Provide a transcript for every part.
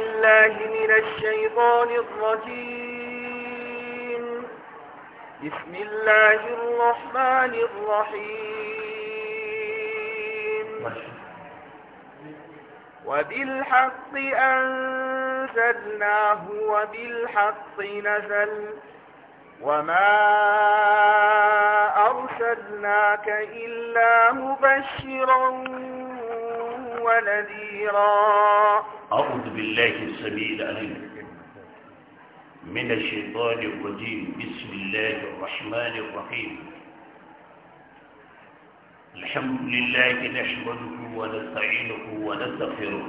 بالله من الشيطان الرجيم بسم الله الرحمن الرحيم وبالحق أنزلناه وبالحق نزل وما أرسلناك إلا مبشرا ونذيرا أعوذ بالله السميع العليم من الشيطان الرجيم بسم الله الرحمن الرحيم الحمد لله نحمده ونستعينه ونستغفره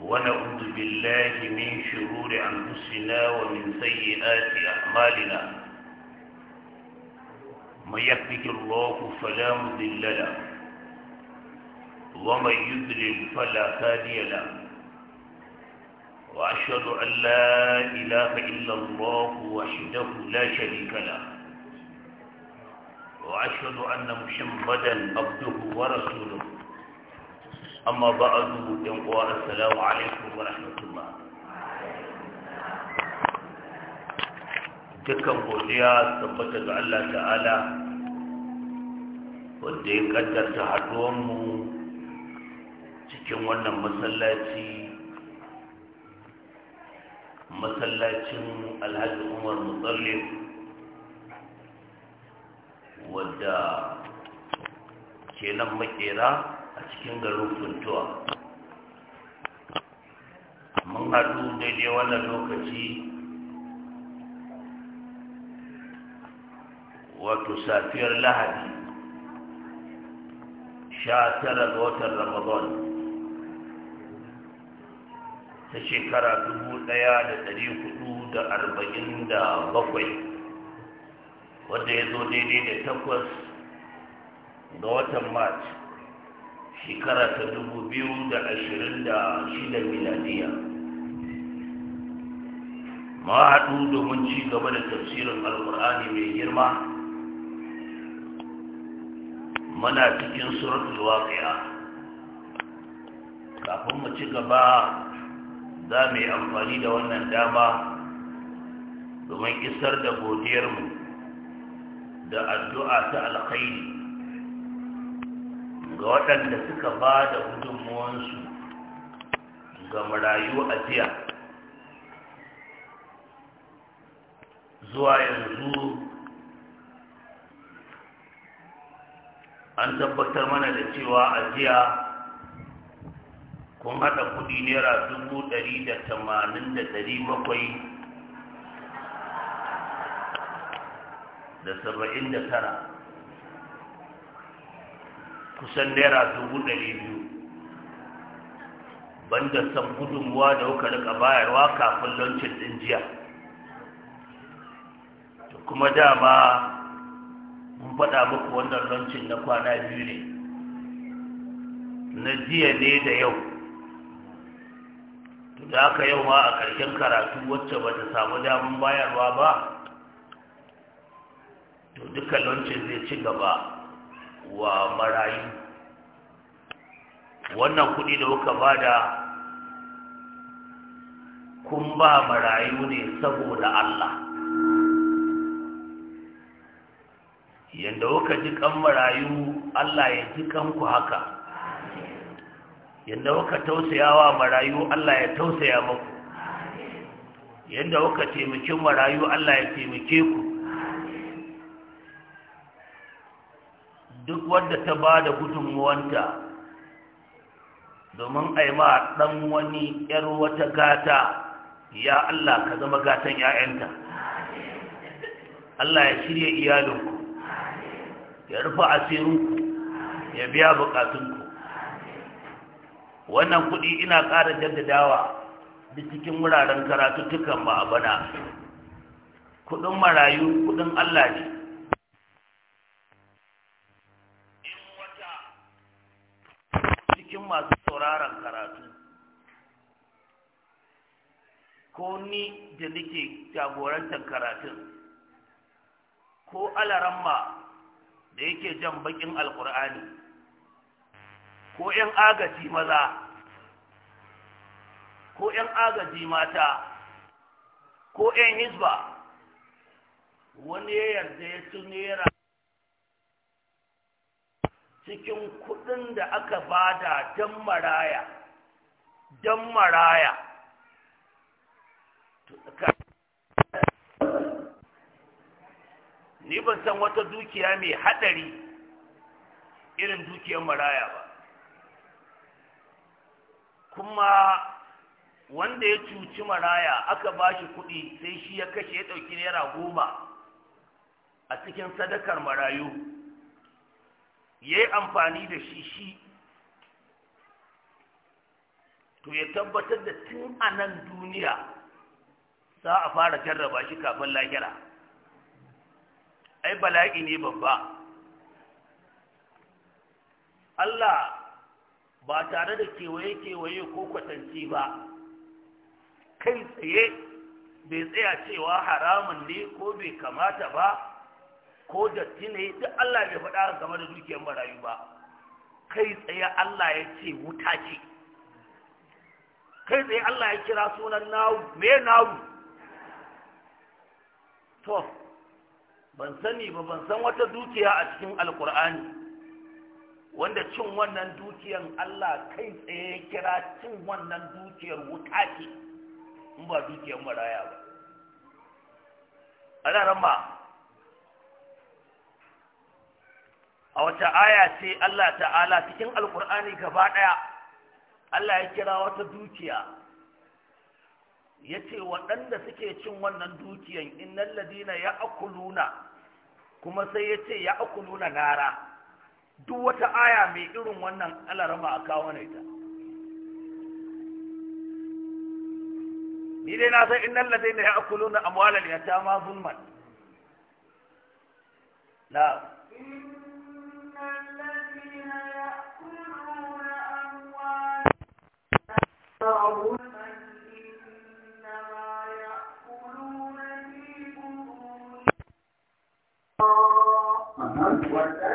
ونعوذ بالله من شرور أنفسنا ومن سيئات أعمالنا من يهده الله فلا مضل له ومن يذلل فلا هادي له وأشهد أن لا إله إلا الله وحده لا شريك له وأشهد أن محمدا عبده ورسوله أما بعد ينقوى السلام عليكم ورحمة الله dukkan godiya tabbata ga Allah ta'ala wanda ya kaddarta haduwanmu cikin wannan masallaci masallacin alhaji umar mutsallim wadda ke nan makera a cikin garin funtuwa mun haɗu daidai wannan lokaci wato safiyar lahadi sha tara ga watan ramadan ta shekara dubu ɗaya da ɗari hudu da arba'in da bakwai wadda ya zo daidai da takwas ga watan march shekara ta dubu biyu da ashirin da shida miladiya ma haɗu domin ci gaba da tafsirin alkur'ani mai girma muna cikin suratul waƙiya kafin mu ci gaba za mu yi amfani da wannan dama domin isar da godiyarmu da addu'a ta alkhairi ga waɗanda suka ba da gudunmuwansu ga marayu a jiya zuwa yanzu an tabbatar mana da cewa a jiya kun haɗa kuɗi naira dubu ɗari da tamanin da ɗari bakwai da saba'in da tara kusan naira dubu ɗari biyu banda san gudunmuwa da wuka rika bayarwa kafin lancin ɗin jiya to kuma dama mun faɗa muku wannan lancin na kwana biyu ne na jiya ne da yau da aka yau ma a ƙarshen karatu wacce ba ta samu damun bayarwa ba to duka launcin zai ci gaba wa marayu wannan kuɗi da kuka bada kun ba marayu ne saboda Allah yadda kuka ji kan marayu Allah ya ji kanku haka yadda waka tausayawa marayu Allah ya tausaya muku yadda waka taimaki marayu Allah ya taimake ku duk wanda ta ba da gudunmuwanta domin aima ɗan wani ‘yar wata gata ya Allah ka zama gatan ‘ya'yanta Allah ya shirya iyalinku ya rufe asirinku ya biya bukatunku wannan kuɗi ina ƙara jaddadawa da cikin wuraren karatuttukan ba a bana kuɗin marayu kuɗin Allah ne cikin masu sauraron karatu ko ni da nake jagorantar karatun ko alaramma da yake jan bakin alkur'ani ko 'yan agaji maza ko 'yan agaji mata ko 'yan hizba wani ya yarda ya ci naira cikin kudin da aka bada don maraya don maraya ni ban san wata dukiya mai haɗari irin dukiyar maraya ba kuma wanda ya cuci maraya aka ba shi kuɗi sai shi ya kashe ya ɗauki naira goma a cikin sadakar marayu ya yi amfani da shi shi to ya tabbatar da tun a nan duniya za a fara jarraba shi kafin lahira ai bala'i ne babba Allah ba tare da kewaye-kewaye ko kwatanci ba kai tsaye bai tsaya cewa haramun ne ko bai kamata ba ko datti ne duk Allah bai faɗa game da dukiyar marayu ba kai tsaye Allah ya ce wuta ce kai tsaye Allah ya kira sunan nawu me nawu to ban sani ba ban san wata dukiya a cikin alkur'ani wanda cin wannan dukiyar Allah kai tsaye kira cin wannan dukiyar wuta ce in ba dukiyar maraya ba A ana ba, a wata aya ce Allah ta'ala cikin alkur'ani gaba ɗaya Allah ya kira wata dukiya ya ce waɗanda suke cin wannan dukiyan innan ladina ya akuluna kuma sai ya ce ya akuluna nara duk wata aya mai irin wannan alarama a kawo na ita ni dai na san innal ladaina ya'kuluna amwalal yatama zulman la What?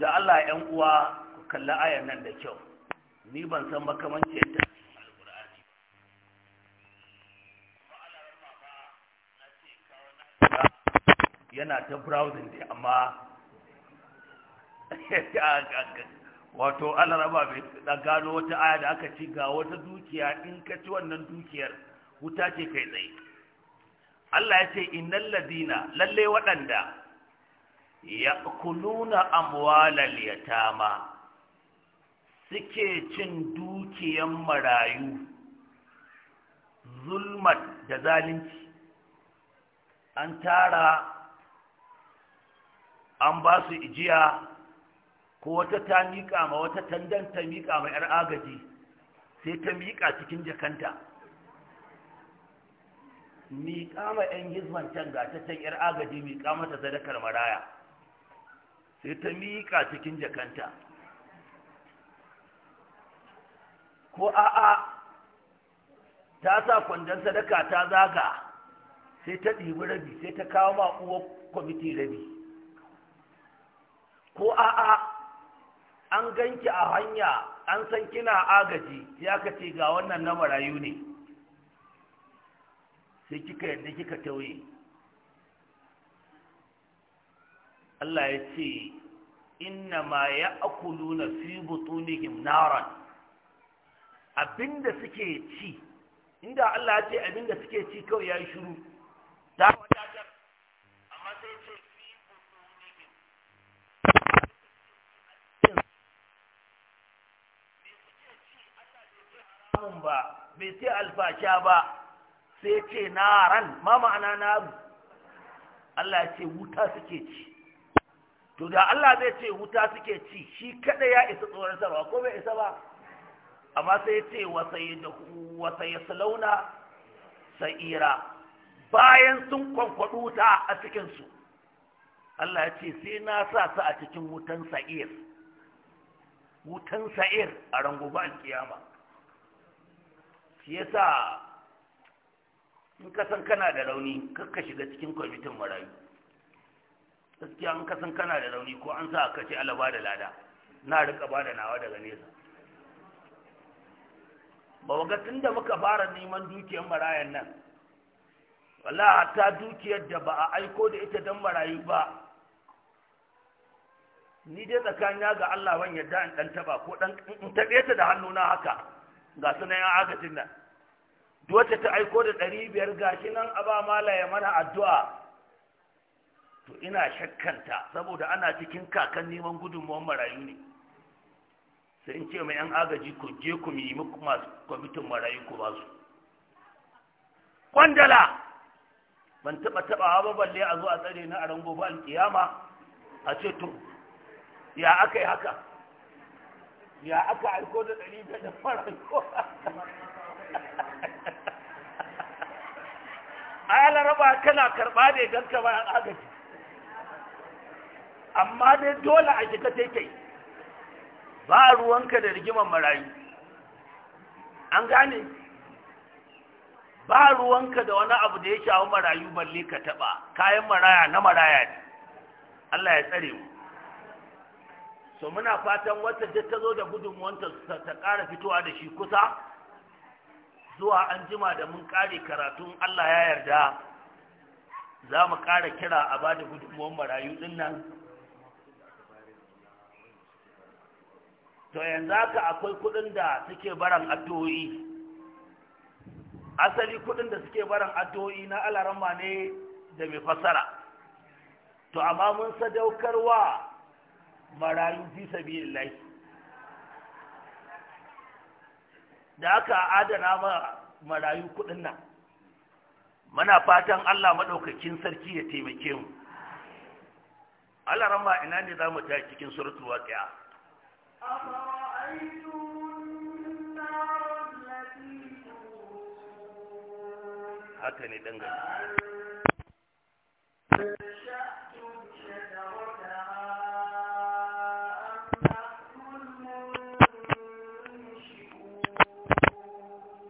da Allah ‘yan uwa ku kalli ayan nan da kyau ni ban san makamanci yadda yana ta browsing dai amma wato alaraba bai da gano wata aya da aka ci ga wata dukiya in ka ci wannan dukiyar wuta ce kai tsaye Allah ya ce innal ladina lalle waɗanda Ya kuluna amwalal yatama suke cin dukiyan marayu zulmat da zalunci an tara an ba su ijiya ko wata ta miƙa ma wata tandan ta miƙa ma 'yar agaji sai ta miƙa cikin jakanta miƙa ma 'yan hizman ga ta 'yar agaji miƙa mata sadakar maraya sai ta miƙa cikin jakanta ko a'a ta sa kwandon sadaka ta zaga sai ta ɗibi rabi sai ta kawo ma uwa kwamiti rabi ko a'a an ganki a hanya an san kina agaji ya ka ce ga wannan na marayu ne sai kika yadda kika tauye Allah ya ce inna ma ya na fi butunihim naran abinda suke ci inda Allah ya ce abinda suke ci kawai ya yi shuru da wadatar amma sai ce fi butunihim haramun ba bai ce alfasha ba sai ce naran ma ma'ana naru Allah ya ce wuta suke ci to da Allah zai ce wuta suke ci shi kada ya isa tsoron sarwa ko bai isa ba amma sai ya ce wasa ya salauna sa'ira bayan sun kwankwado ta a cikinsu Allah ya ce sai na sa su a cikin wutan sa'ir wutan sa'ir a rangoba alkiyama shi yasa in ka san kana da rauni kar ka shiga cikin kwamitin marayu gaskiya in ka san kana da rauni ko an sa ka ce Allah da lada na rika ba da nawa daga nesa ba ga tun da muka fara neman dukiyar marayan nan wala hatta dukiyar da ba a aiko da ita don marayu ba ni dai tsakaniya ga Allah ban yadda in dan taba ko dan in tabe ta da na haka ga sunan ya agajin nan duwace ta aiko da ɗari biyar gashi nan a ba mala ya mana addu'a to ina shakkanta saboda ana cikin kakan neman gudunmuwan marayu ne sai in ce mai yan agaji ku je ku yi muku masu kwamitin marayu ku ba su kwandala ban taba taba ba balle a zo a tsare na a rango ba alkiyama a ce to ya aka yi haka ya aka aiko da ɗari biyar da farko a yana raba kana karɓa da idan ka bayan agaji amma dai dole a shiga taikai ba ruwanka da rigimar marayu an gane ba ruwanka da wani abu da ya shawo marayu balle ka taba kayan maraya na maraya ne Allah ya tsare mu so muna fatan wata da ta zo da gudunmuwanta ta ƙara fitowa da shi kusa zuwa an jima da mun ƙare karatun Allah ya yarda za mu ƙara kira a ba da gudunmuwan marayu dinnan? nan to yanzu haka akwai kuɗin da suke baran addu'o'i asali kuɗin da suke baran addu'o'i na alarama ne da mai fassara to amma mun sadaukarwa marayu fi sabilillahi da aka adana ma marayu kuɗin nan muna fatan Allah maɗaukakin sarki ya taimake mu alarama ina ne za mu ta cikin suratul waqi'a haka ne dangane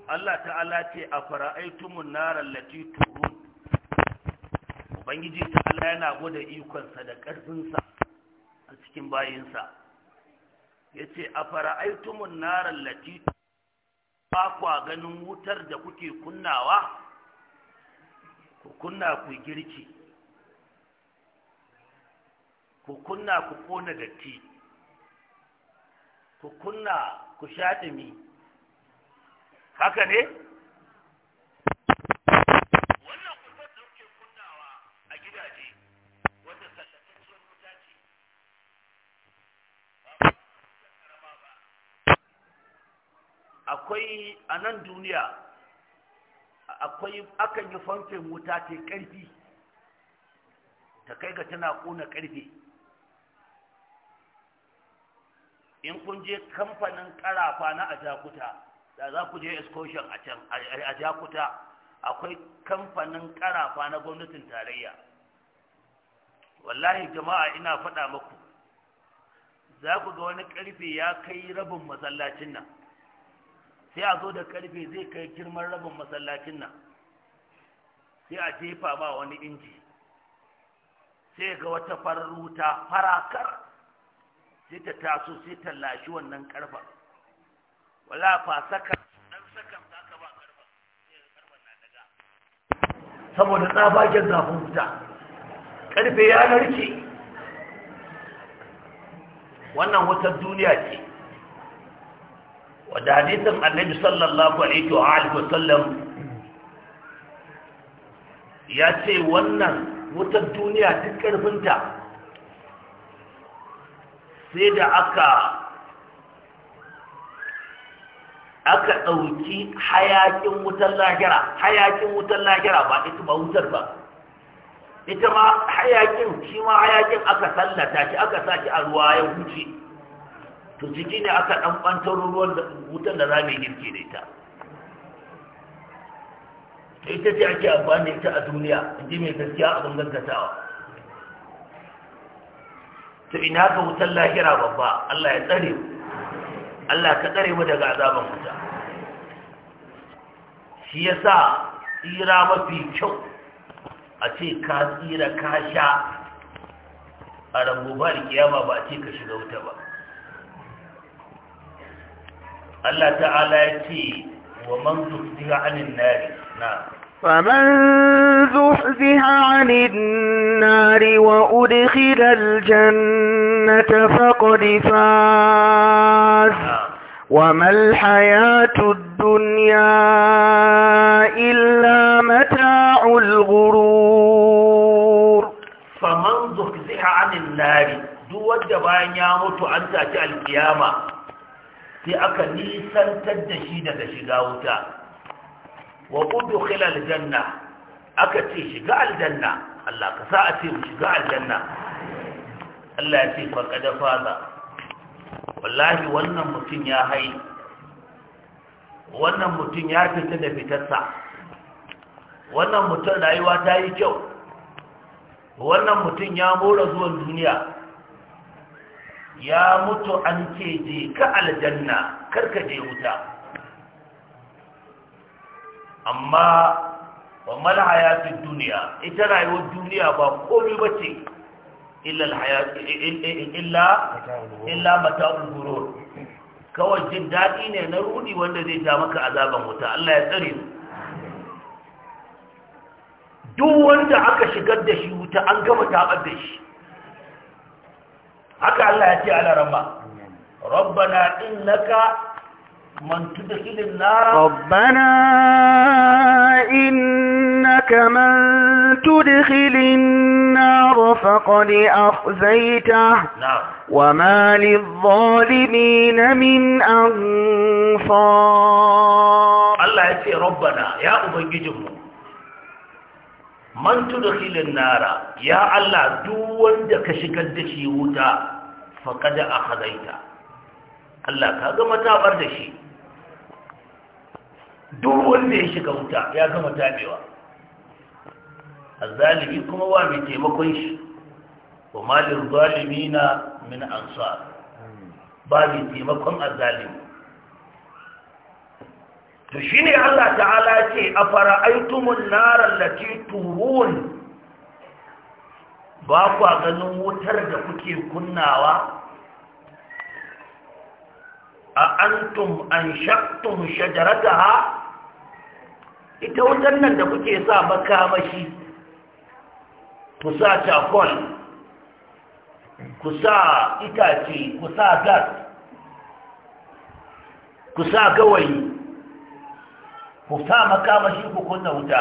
Allah ta'ala ce a fara'aitumun narar latiturun Ubangiji ta'ala yana gwada ikonsa da ƙarfinsa a cikin bayinsa yace fara'aitumun narar lati ba kwa ganin wutar da kuke kunnawa ku kunna ku girki ku kunna ku kona datti ku kunna ku sha dumi haka ne akwai a nan duniya akwai akan yi famfin wuta ta ƙarfi ta kai ga tana ƙona ƙarfe in kun je kamfanin ƙarafa na ajakuta da za ku je excursion a can ajakuta akwai kamfanin ƙarafa na gwamnatin tarayya wallahi jama'a ina faɗa muku za ku ga wani ƙarfe ya kai rabin masallacin nan sai a zo da karfe zai kai girman rabin masallacin nan sai a jefa ba wani inji sai ga wata farar wuta farakar sai ta taso sai ta lashi wannan karfa wala fa saka dan sakan saka ba karfa sai na daga saboda tsabagen zafin wuta karfe ya narke wannan wutar duniya ce wadda hadisin annabi sallallahu alaihi wa alihi ya ce wannan wutar duniya duk karfinta sai da aka aka ɗauki hayakin wutar lahira hayakin wutar lahira ba ita ba wutar ba ita ma hayakin shi ma hayakin aka sallata shi aka sa shi a ruwa ya huce to jiki ne aka dan kwantar ruwan wutan da za mu yi girki da ita ita ce ake amfani da ita a duniya inji mai gaskiya abin gaggatawa to ina ga wutan lahira babba Allah ya tsare mu Allah ka tsare mu daga azaban wuta shi yasa tsira mafi kyau a ce ka tsira ka sha a rangu ba da kiyama ba a ce ka shiga wuta ba الله تعالى ya ومن wa عن النار نعم فمن زحزح عن النار وأدخل الجنة فقد فاز نعم. وما الحياة الدنيا إلا متاع الغرور فمن زحزح عن النار دو وجبان يموت عن تأتي القيامة sai aka nisantar da shi daga shiga wuta wa kudu khilal janna aka ce shiga aljanna Allah ka sa a ce mu shiga aljanna Allah ya ce faqad faza wallahi wannan mutum ya hai wannan mutum ya fita da fitarsa wannan mutum rayuwa ta yi kyau wannan mutum ya mora zuwan duniya ya mutu an ce je ka aljanna karka je wuta amma wa malhaya fi duniya ita rayuwar duniya ba komai ba ce illa mata'ul gurur kawai jin daɗi ne na rudi wanda zai ja maka azaban wuta Allah ya tsare mu duk wanda aka shigar da shi wuta an gama tabar da shi haka Allah ya ce ala ramma rabbana innaka man tudkhilin nar rabbana innaka man tudkhilin nar faqad akhzaytah wama lidh-dhalimin min ansar Allah ya ce rabbana ya ubangijinmu man tudkhilin nara ya Allah duk wanda ka shigar da shi wuta faqad akhadaita Allah ka gama tabar da shi duk wanda ya shiga wuta ya gama tabewa azzalimi kuma wa mai taimakon shi wa malin zalimina min ansar ba mai taimakon azzalimi to shine Allah ta'ala ya ce narar da ke turun ba ku ganin wutar da kuke kunnawa a antum an shaktum ha ita wutar nan da kuke sa makamashi ku sa charcoal ku sa itace ku sa gas ku sa gawayi ku sa makamashi ku kunna wuta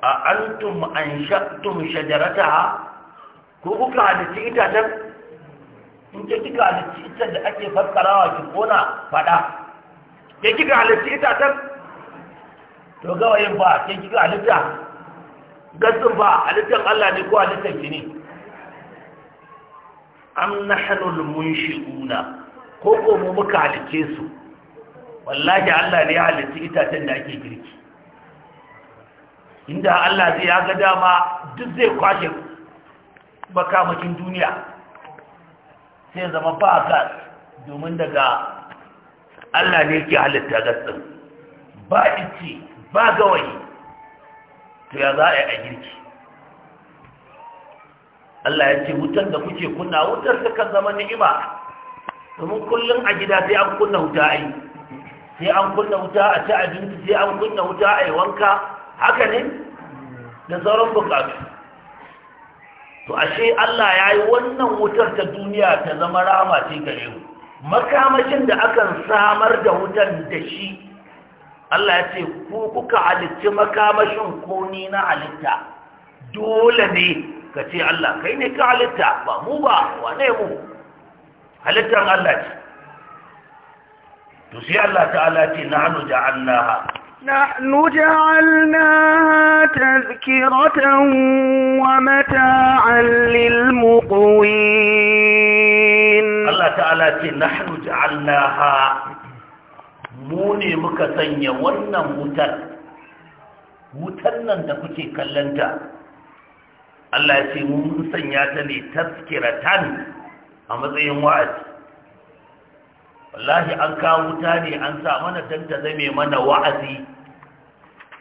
a antum an shaktum shajarataha ko kuka halitta itacen in ke kika halitta itacen da ake fassarawa ki kona fada ke kika halitta itacen to gawayin ba ke kika halitta gasin ba halittar Allah ne ko halittar ki ne am nahnul munshi'una ko ko mu muka halice su wallahi Allah ne ya halitta itacen da ake girki inda Allah zai ya ga dama duk zai kwashe makamakin duniya sai zama ba domin daga Allah ne ke halitta gasɗin ba ici ba gawayi to ya za a yi a girki Allah ya ce wutar da kuke kunna wutar suka zama ni'ima domin kullum a gida sai an kunna wuta ai sai an kunna wuta a ci abinci sai an kunna wuta a yi wanka haka ne da sauran bukatu to ashe Allah ya yi wannan wutar ta duniya ta zama rama ce gare mu makamashin da akan samar da wutan da shi Allah ya ce ko kuka halicci makamashin ko ni na halitta dole ne ka ce Allah kai ne ka halitta ba mu ba wane mu halittar Allah ce to sai Allah ta'ala ce nahnu ja'alnaha nahnu ja'alnaha tazkiratan wa mata'an lil muqwin Allah ta'ala ce nahnu ja'alnaha mu ne muka sanya wannan wutar wutar nan da kuke kallanta Allah ya ce mun sanya ta ne tazkiratan a matsayin wa'azi wallahi an kawo wuta ne an sa mana don ta zame mana wa'azi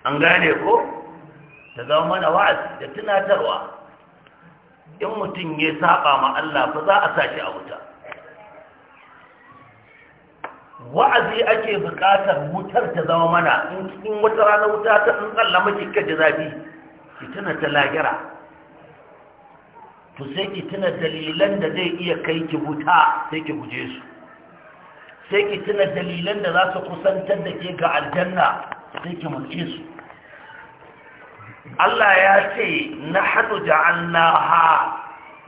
an gane ko ta zama mana wa'azi da tunatarwa in mutum ya saba ma Allah fa za a sa shi a wuta wa'azi ake buƙatar wutar ta zama mana in wata rana wuta ta tsantsalla maki kaji zafi ki tuna ta lagira to sai ki tuna dalilan da zai iya kai ki wuta sai ki guje su sai ki tuna dalilan da za su kusantar da ke ga aljanna sai ki mulke su Allah ya ce na da ha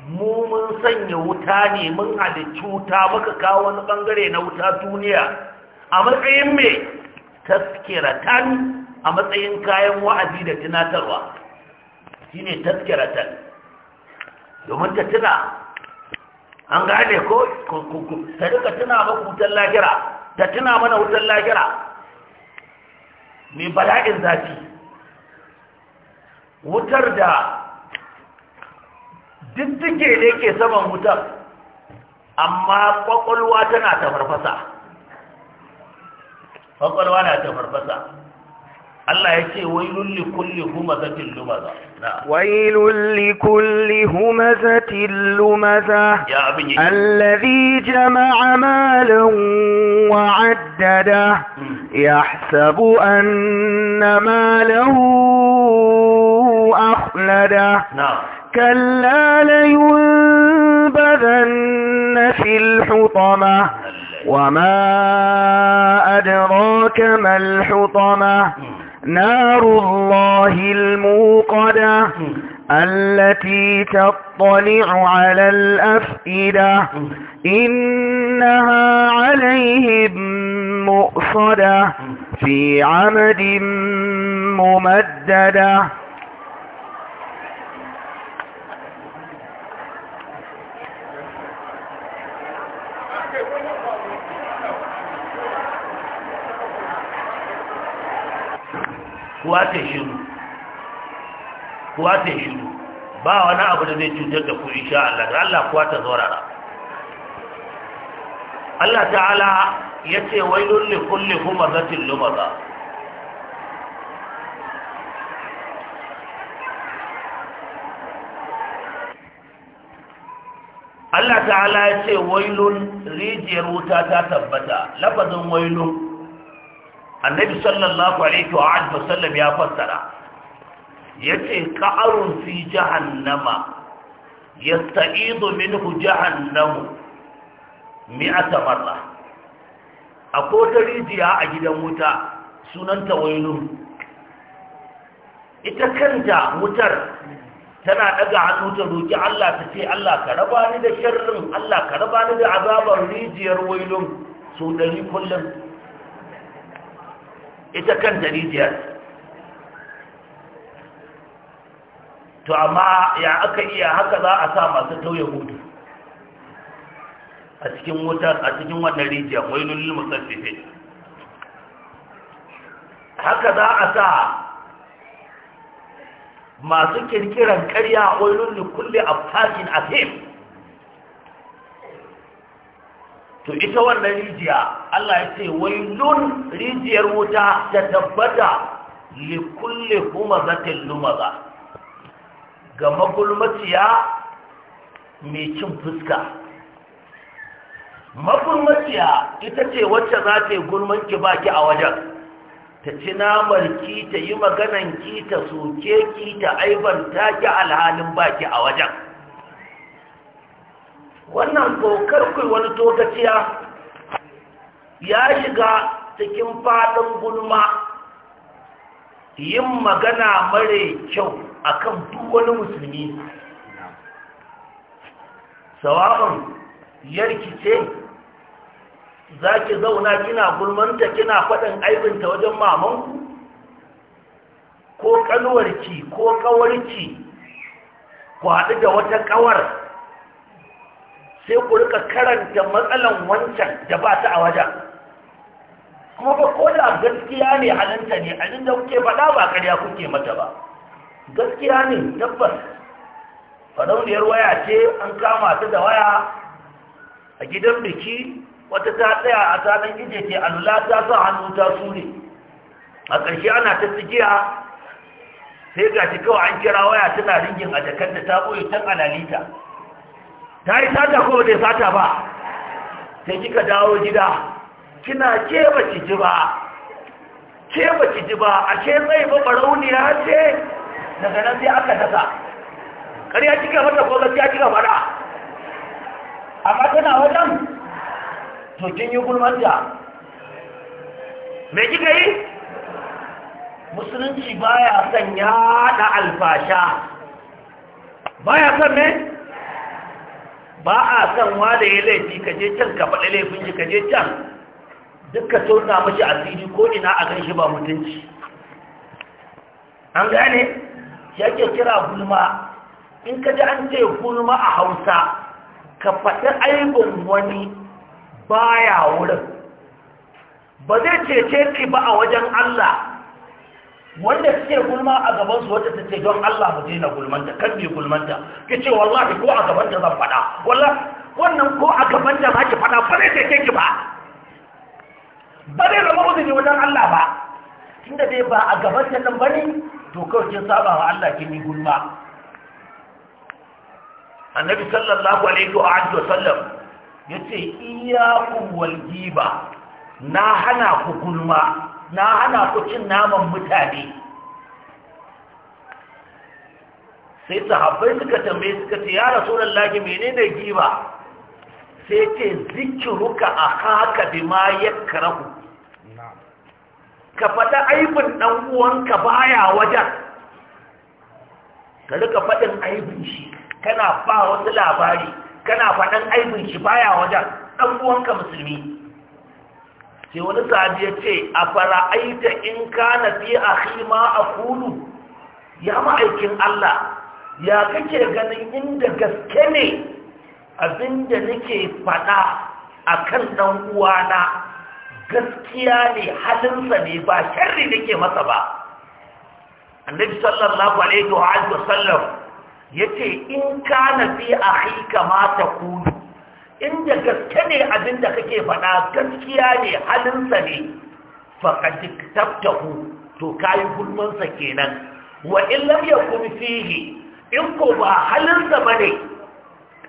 mu mun sanya wuta ne mun halicci wuta muka kawo wani bangare na wuta duniya a matsayin mai taskiratan a matsayin kayan wa'azi da tunatarwa shine taskiratan domin ta tuna an gane ko ta rika tuna maka wutar lahira ta tuna mana wutar lahira mai bala'in zafi wutar da diddige ne ke saman wutar amma kwakwalwa tana ta farfasa kwakwalwa na tafarfasa. Allah ya ce wailun li kulli humazatin lumaza wailun li kulli humazatin lumaza allazi jama'a malan wa 'addada yahsabu anna malahu akhlada كلا لينبذن في الحطمة وما أدراك ما الحطمة نار الله الموقدة التي تطلع على الأفئدة إنها عليهم مؤصدة في عمد ممددة kuwa ta shiru kuwa ta shiru ba wani abu da zai cutar da ku sha Allah da Allah kuwa ta zorara Allah ta'ala ya ce wailun li kulli humazatin lumaza Allah ta'ala ya ce wailun rijiyar wuta ta tabbata lafazin wailun annabi sallallahu alaihi wa alihi wasallam ya fassara yace qa'arun fi jahannama yasta'idu minhu jahannamu mi'ata marra akwai wata rijiya a gidan wuta sunanta wailun ita kanta wutar tana daga hannu ta roki Allah ta ce Allah ka raba ni da sharrin Allah ka raba ni da azabar rijiyar wailu sau dari kullum ita kan rijiya to amma ya aka iya haka za a sa masu tauye hutu a cikin wutar a cikin wannan rijiya wailul lil musaffifin haka za a sa masu kirkiran karya wailul li kulli a fim to ita wannan rijiya Allah ya ce wailun rijiyar wuta ta tabbata li kulli humazatin lumaza ga magulmaciya mai cin fuska magulmaciya ita ce wacce za ta yi gulmanki baki a wajen ta ci namarki ta yi ki ta soke ki ta aibanta ki alhalin baki a wajen wannan kokar kai wani togaciya ya shiga cikin fadin gulma yin magana mare kyau akan duk wani musulmi sawa'un yarki ce za ki zauna kina gulmanta kina faɗin aibinta wajen mamanku ko ƙanuwarki ko ƙawarki ku haɗu da wata ƙawar sai ku rika karanta matsalan wancan da ba ta a wajen kuma ba ko da gaskiya ne halinta ne abin da kuke faɗa ba ƙarya kuke mata ba gaskiya ne tabbas faɗauniyar waya ce an kama ta da waya a gidan biki wata ta tsaya a tsanan ije ce alula ta sa hannu ta Sule. a ƙarshe ana ta tsigiya sai ga shi kawai an kira waya tana ringin a jakar da ta ɓoye tun alalita ta yi sata ko bai sata ba sai kika dawo gida kina ke ki ji ba ke ki ji ba a ke tsaye ba barauniya ce daga nan sai aka dasa ƙarya kika mata ko gaskiya kika fara amma tana wajen to kin yi gulman ta. me kika yi musulunci baya son da alfasha baya son me ba a san wada ya laifi ka je can ka faɗi laifin shi ka je can duk ka tona mashi asiri ko ina a gan shi ba mutunci an gane ya ke kira gulma in ka ji an ce gulma a hausa ka faɗi aibin wani baya wurin ba zai cece ki ba a wajen allah wanda suke gulma a gaban su wanda suke don Allah mu daina gulmanta kan bi gulmanta kace wallahi ko a gaban da zan fada wallahi wannan ko a gaban da zaki fada zai da ki ba Ba zai zama uzuri wajen Allah ba tunda dai ba a gaban ta nan bane to kawai kin saba wa Allah kin yi gulma annabi sallallahu alaihi wa alihi wasallam yace iyyakum wal ghiba na hana ku gulma na hana ku cin naman mutane sai sahabbai suka tambaye suka ce ya rasulullahi menene giba sai ce zikiruka a haka bi ma ya karahu ka faɗa aibin ɗan uwanka baya wajen ka rika faɗin aibin shi kana ba wasu labari kana faɗin aibin shi baya wajen ɗan uwanka musulmi sai wani sahabi ya ce a aita in kana fi hima a Kulu, ya ma'aikin Allah ya kake ganin inda gaske ne abinda nake a kan ɗan uwana gaskiya ne halinsa ne ba sharri nake masa ba annabi sallallahu alaihi wa sallam yace in kana fi hika ma Kulu. inda gaske ne abinda kake faɗa gaskiya ne halinsa ne faƙatik tabtahu to kayi gulmansa kenan wa in lam kun fihi in ko ba halinsa ba ne,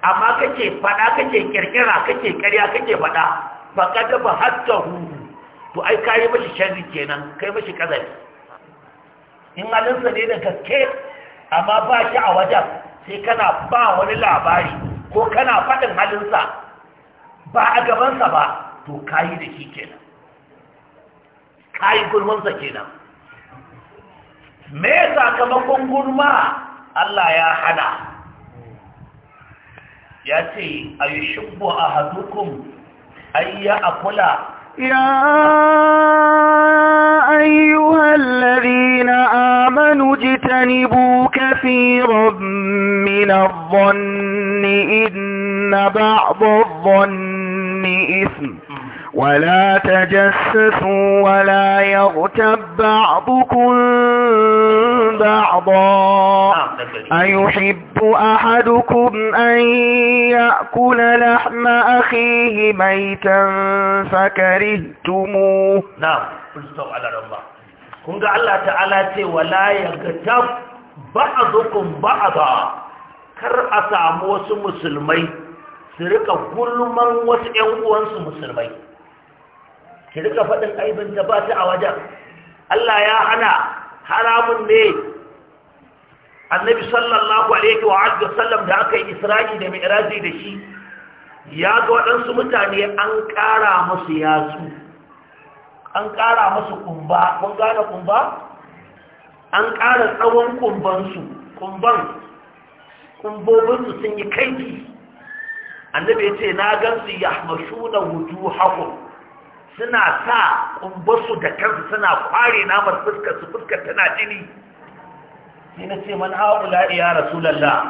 amma kake faɗa kake ƙirƙira, kake ƙarya kake faɗa faƙad ba hattahu to ai kayi mashi sharri kenan kai mashi kazari in halinsa ne da gaske amma ba shi a wajen sai kana ba wani labari ko kana faɗin halinsa ba a gabansa ba to kayi da shi kenan kayi gulmansa kenan me ya sakamakon gulma Allah ya hana ya ce a yi shubbo a hadukun ayya kula. يا أيها الذين آمنوا اجتنبوا كثيرا من الظن إن بعض الظن إثم ولا تجسسوا ولا يغتب بعضكم بعضا أيحب أحدكم أن يأكل لحم أخيه ميتا فكرهتموه نعم استوى على الله كنت الله تعالى ولا يغتب بعضكم بعضا كرأت عموس samu wasu كل من rika gulman wasu ki rika faɗin aibin da ba ta a wajen Allah ya hana haramun ne annabi sallallahu alaihi wa alihi wasallam da aka yi isra'i da mi'raji da shi ya ga waɗansu mutane an ƙara musu yatsu an ƙara musu kumba kun gane kumba an ƙara tsawon kumbansu kumban kumbobinsu sun yi kaifi annabi ya ce na gansu ya mashu na wuju hakun suna sa kumbasu da kansu suna kware namar fuskar su fuskar tana jini sai na ce man haula ya rasulullah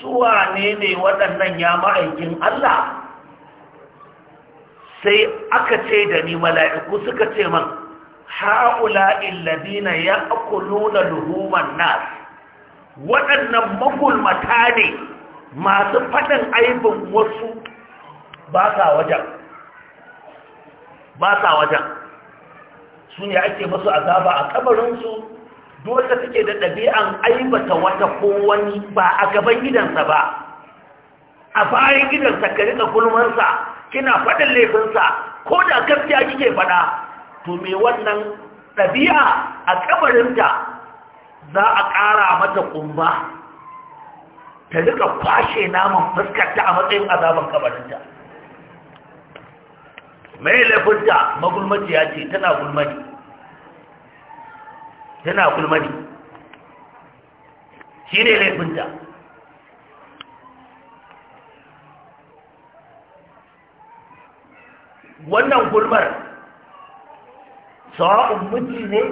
suwa ne ne waɗannan ya ma'aikin Allah sai aka ce da ni mala'iku suka ce man haula illadina ya akuluna luhuman nas waɗannan magulmata ne masu faɗin aibin wasu ba sa wajen ba sa wajen su ne ake masu azaba a kabarinsu dole suke da ɗabi'an aibata wata ko ba a gaban gidansa ba a bayan gidansa ka rika gulmansa kina faɗin laifinsa ko da gaskiya kike faɗa to me wannan ɗabi'a a kabarinta za a ƙara mata ƙumba ta rika kwashe naman fuskarta a matsayin azaban kabarinta mai laifinta magulmaci ya ce tana gulmani tana gulmani shi ne laifinta wannan gulmar sawa'un miji ne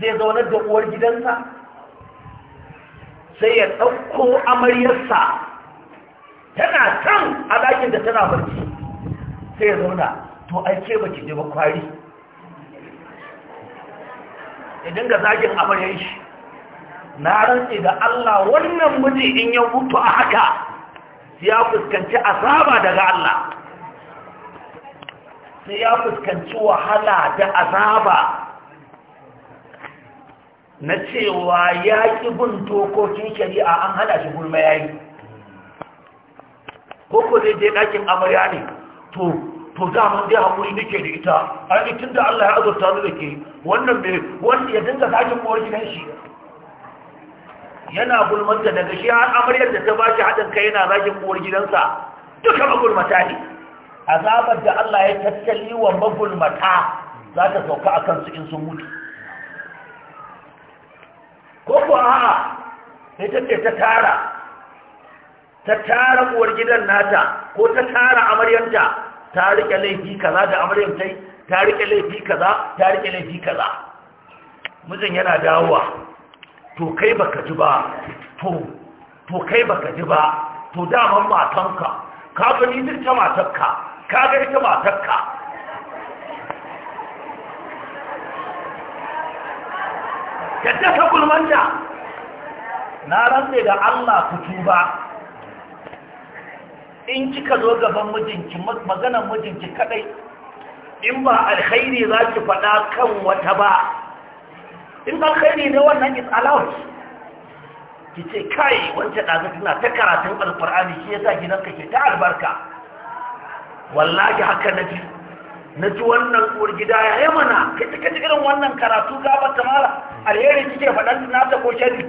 zai zaunar da uwar gidansa sai ya ɗauko amaryarsa tana kan a ɗakin da tana barci sai ya zauna to ai ce ba ki je ba kwari ya dinga zagin amaryan shi na rantse da Allah wannan miji in ya mutu a haka ya fuskanci azaba daga Allah sai ya fuskanci wahala da azaba na cewa ya ƙi bin dokokin shari'a an hana shi gulma yayi ko ko zai je ɗakin amarya ne to to daman dai hakuri nake da ita ai tun da Allah ya azurta ni da ke wannan me wanda ya dinga sakin uwar gidan shi yana gulmanta daga shi har amaryar da ta ba shi haɗin kai yana zagin uwar gidansa duka magulmata ne azabar da Allah ya tattali wa magulmata za ta sauka a kansu in sun mutu ko ko a'a sai ta ce ta tara ta tara uwar gidan nata ko ta tara amaryanta ta rike laifi kaza da amaryar tai ta rike laifi kaza ta rike laifi kaza mijin yana dawowa to kai baka ji ba to to kai baka ji ba to daman matanka ka gani duk ta matarka ka gani ta matarka yadda ta gulmanta na rantse da Allah ku tuba in kika zo gaban mijinki maganar mijinki kadai in ba alkhairi za ki faɗa kan wata ba in alkhairi ne wannan is allowed ki ce kai wancan ɗazu tana ta karatun alkur'ani shi yasa gidanka ke ta albarka wallahi haka na ji na ji wannan uwar gida ya yi mana kai ta kaji irin wannan karatu gabar mara. alheri kike faɗan nata ko shari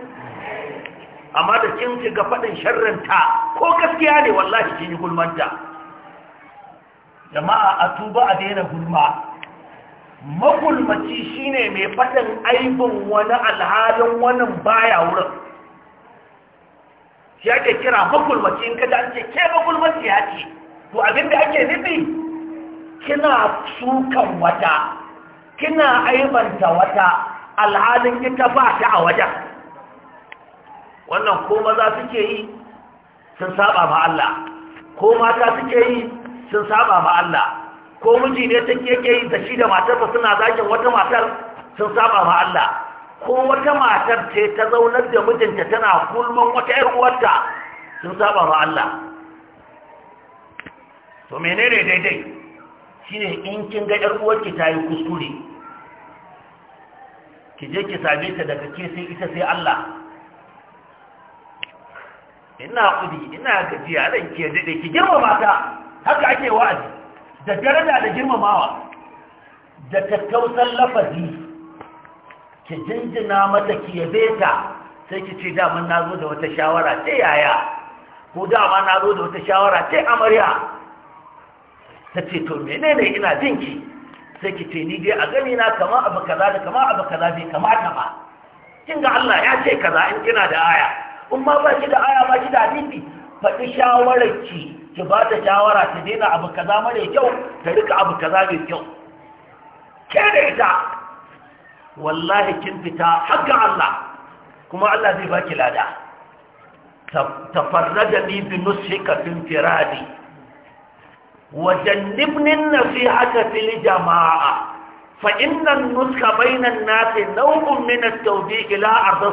amma da kin shiga fadin sharrinta ko gaskiya ne wallahi kin yi gulmanta jama'a a tuba a daina gulma magulmaci shine mai faɗin aibin wani alhalin wani baya wurin shi ake kira magulmaci in kada an ce ke magulmaci ya ce to abinda ake nufi kina sukan wata kina aibanta wata alhalin ita ba ta a wajen wannan ko maza suke yi sun saba ma Allah ko mata suke yi sun saba ma Allah ko miji ne take yake yi da shi da matarsa suna zakin wata matar sun saba ma Allah ko wata matar ce ta zaunar da mijinta tana gulman wata ƴar uwarta sun saba ma Allah to menene daidai shine in kin ga ƴar uwarki ta yi kuskure ki je ki same ta daga ke sai ita sai Allah ina kudi ina gajiya ran ke dade ki girmama ta haka ake wa'azi da daraja da girmamawa da tattausan lafazi ki jinjina mata ki yabe ta sai ki ce dama na zo da wata shawara ce yaya ko dama na zo da wata shawara ce amarya ta ce to menene ina jinki sai ki ce ni dai a gani na kama abu kaza da kama abu kaza bai kamata ba kin ga Allah ya ce kaza in kina da aya in ma baki da aya baki da hadisi faɗi shawarar ki ki ba ta shawara ta daina abu kaza mara kyau ta rika abu kaza mai kyau ke da ita wallahi kin fita haka Allah kuma Allah zai baki lada tafarrada ni bi nushika fil firadi wa jannibni haka fil jama'a fa inna nuska bayna nasi naw'un min at-tawdiq la arda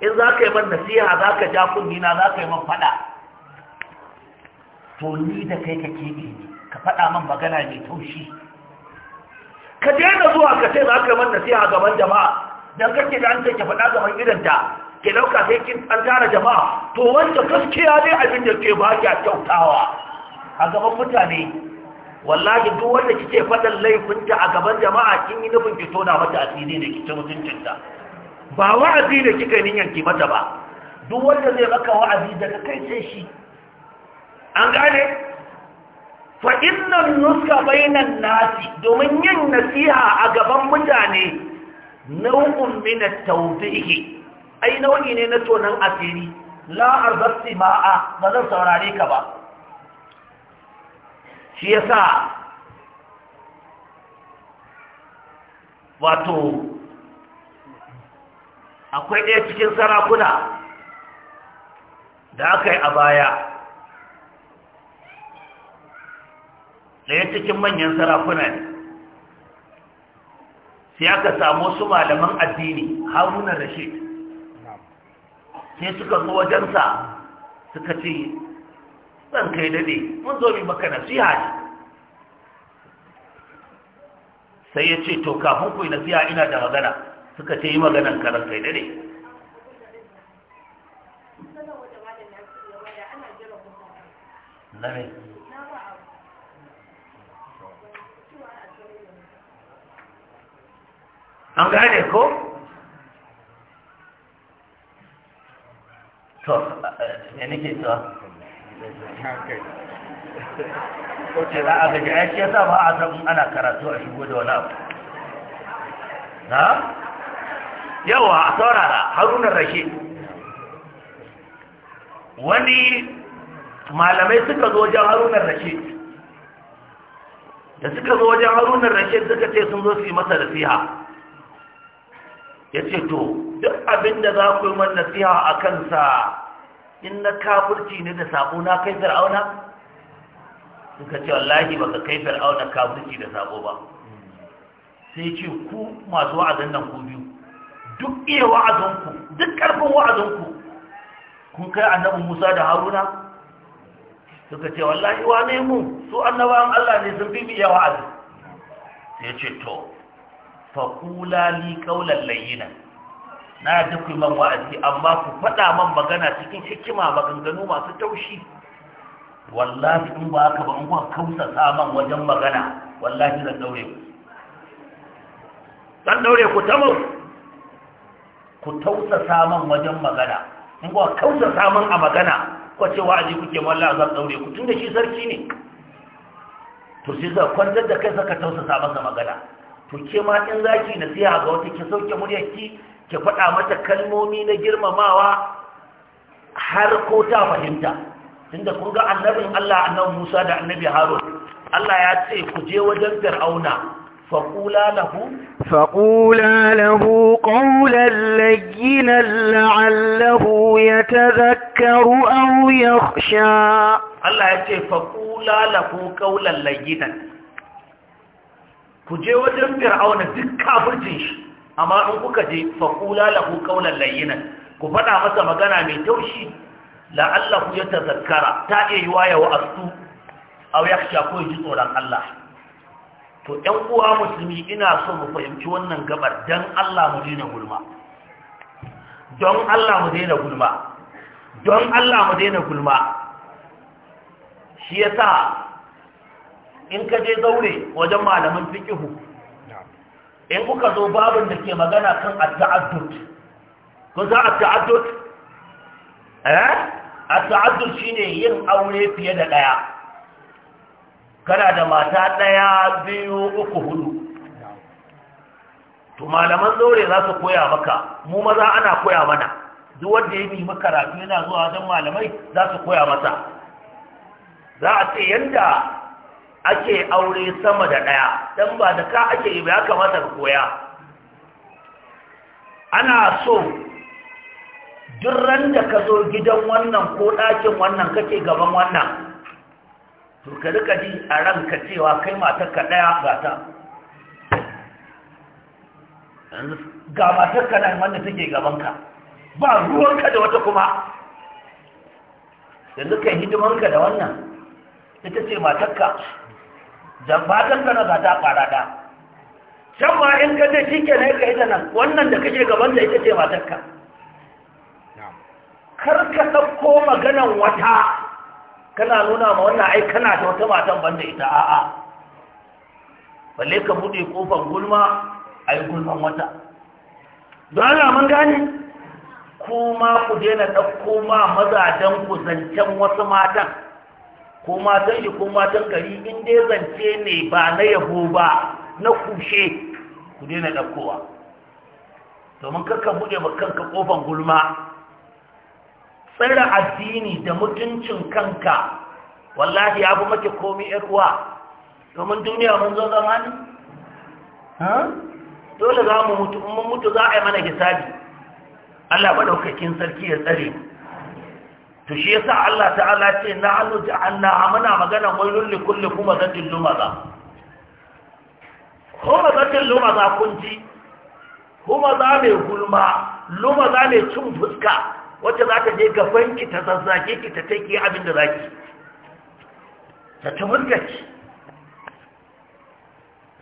in za ka yi man nasiha za ka ja kunnina za ka yi man faɗa to ni da kai ka keɓe ne ka faɗa man magana mai taushi ka daina zuwa ka ce za ka yi man nasiha gaban jama'a don kake da an ce ka faɗa gaban gidanta, ke ɗauka sai kin an tara jama'a to wanda gaskiya ne abin da ke ba ki kyautawa a gaban mutane wallahi duk wanda kike faɗin laifinta a gaban jama'a kin yi nufin ki tona mata asiri ne ki ci mutuncinta ba wa'azi da kika niyan kimata ba duk wanda zai maka wa'azi daga kai sai shi an gane fa inna nuska bainan nasi domin yin nasiha a gaban mutane nau'un min at-tawdihi ai nau'i ne na tonan asiri la arzasti ma'a ba zan saurare ka ba shi yasa wato akwai ɗaya cikin sarakuna da aka yi a baya ɗaya cikin manyan sarakuna ne sai aka samu su malaman addini haruna rashid sai suka zo wajensa suka ce zan kai daɗe mun zo mai maka nasiha ne sai ya ce to kafin ku yi nasiha ina da magana suka ce yi maganan karanta, kai dare an gane ko? to ne eh, nake cewa ko ce za a gaji aiki ya sa ba a san ana karatu a shigo da wani abu na? yawa a saurara haruna rashe wani malamai suka zo wajen haruna rashe da suka zo wajen haruna rashe suka ce sun zo su yi masa nasiha ya ce to duk abin da za ku yi man nasiha a kansa in na kafurci ne da sabo na kai fir'auna suka ce wallahi baka kai fir'auna kafurci da sabo ba sai ce ku masu wa'azin nan ku biyu duk iya wa'azinku duk ƙarfin wa'azinku kun kai annabin musa da haruna suka ce wallahi ne mu su annabawan allah ne sun bibi iya wa'azi sai ce to faƙula ni ƙaular layyina na duk man wa'azi amma ku faɗa man magana cikin hikima maganganu masu taushi wallahi in ba ka ba in kausa saman wajen magana wallahi daure ku zan daure ku tamau ku tausa samun wajen magana in kuwa samun a magana ko cewa aji kuke wallah zan daure ku tunda shi sarki ne to sai za kwantar da kai saka samun sa magana to ke ma in zaki siya ga wata ki sauke muryarki ki faɗa mata kalmomi na girmamawa har ko ta fahimta tunda kun ga annabin Allah annabi Musa da annabi Harun Allah ya ce ku je wajen Fir'auna فقولا له فقولا له قولا لينا لعله يتذكر أو يخشى الله يتي فقولا له قولا لينا كجي وجن فرعون دكا برجنش أما أنكو كجي فقولا له قولا لينا كفتا مسا مغانا من توشي لعله يتذكر تأي يوايا وأستو أو يخشى كوي جزء الله to ɗan uwa musulmi ina so mu fahimci wannan gabar don Allah mu daina gulma don Allah mu daina gulma don Allah mu daina gulma shi yasa in ka je zaure wajen malaman fikihu in kuka zo babin da ke magana kan at-ta'addud ko za at-ta'addud eh at-ta'addud shine yin aure fiye da daya kana da mata ɗaya biyu uku hudu to malaman zaure za su koya maka mu maza ana koya mana duk wanda ya nemi karatu yana zuwa don malamai za su koya masa za a ce yadda ake aure sama da ɗaya don ba da ka ake yi ya kamata ka koya ana so duk ran da ka zo gidan wannan ko ɗakin wannan kake gaban wannan to ka rika ji a ranka cewa kai matarka ɗaya ga ta ga matarka nan wanda take gabanka ba ruwanka da wata kuma yanzu kai hidimanka da wannan ita ce matarka jambatan na za ta fara da can ma in ka je shi ke na yaka ita nan wannan da kake gaban da ita ce matarka kar ka ɗauko maganan wata kana nuna ma wannan ai kana da wata matan banda ita a'a balle ka bude kofar gulma ai gulman wata don Allah mun gane kuma ku daina ɗauko ma mazajen ku zancen wasu matan ko matan yi ko matan gari in dai zance ne ba na yabo ba na kushe ku daina ɗaukowa domin kakka buɗe ba kanka kofan gulma tsira addini da mutuncin kanka wallahi ya fi mace komi uwa domin duniya mun zo zamani dole za mu mutu mun mutu za a yi mana hisabi Allah maɗaukakin sarki ya tsare to shi yasa Allah ta'ala ce na hannu anna amana magana mai lulli kulli kuma zatin lumaza kuma zatin lumaza kun ji kuma za mai gulma lumaza mai cin fuska wata za ta je gabanki ta zazzage ki ta take abin da za ki ta ta murgaci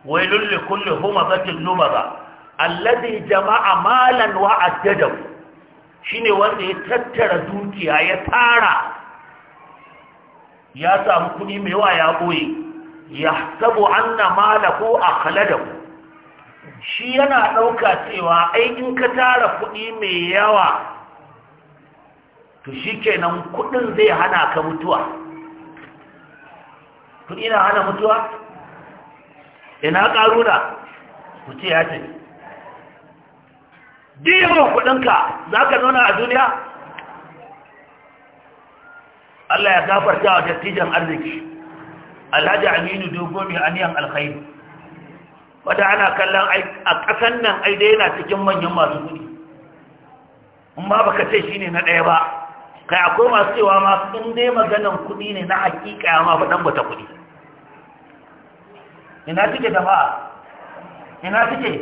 wailun li kulli humazatin numaza alladhi jama'a malan wa addadahu shine wanda ya tattara dukiya ya tara ya samu kudi mai yawa ya boye yahsabu anna a akhladahu shi yana ɗauka cewa ai in ka tara kuɗi mai yawa to shi kenan kudin zai hana ka mutuwa kudi na hana mutuwa ina karuna mutu ya ce diyawan kudinka za ka nuna a duniya Allah ya gafarta wa dattijan arziki alhaji aminu dogo mai aniyan alkhairu wadda ana kallon a ƙasan nan aida yana cikin manyan masu kudi in ba baka ce shi ne na ɗaya ba kai akwai masu cewa ma in dai maganan kuɗi ne na hakika ya ma faɗan bata kuɗi ina take jama'a ina suke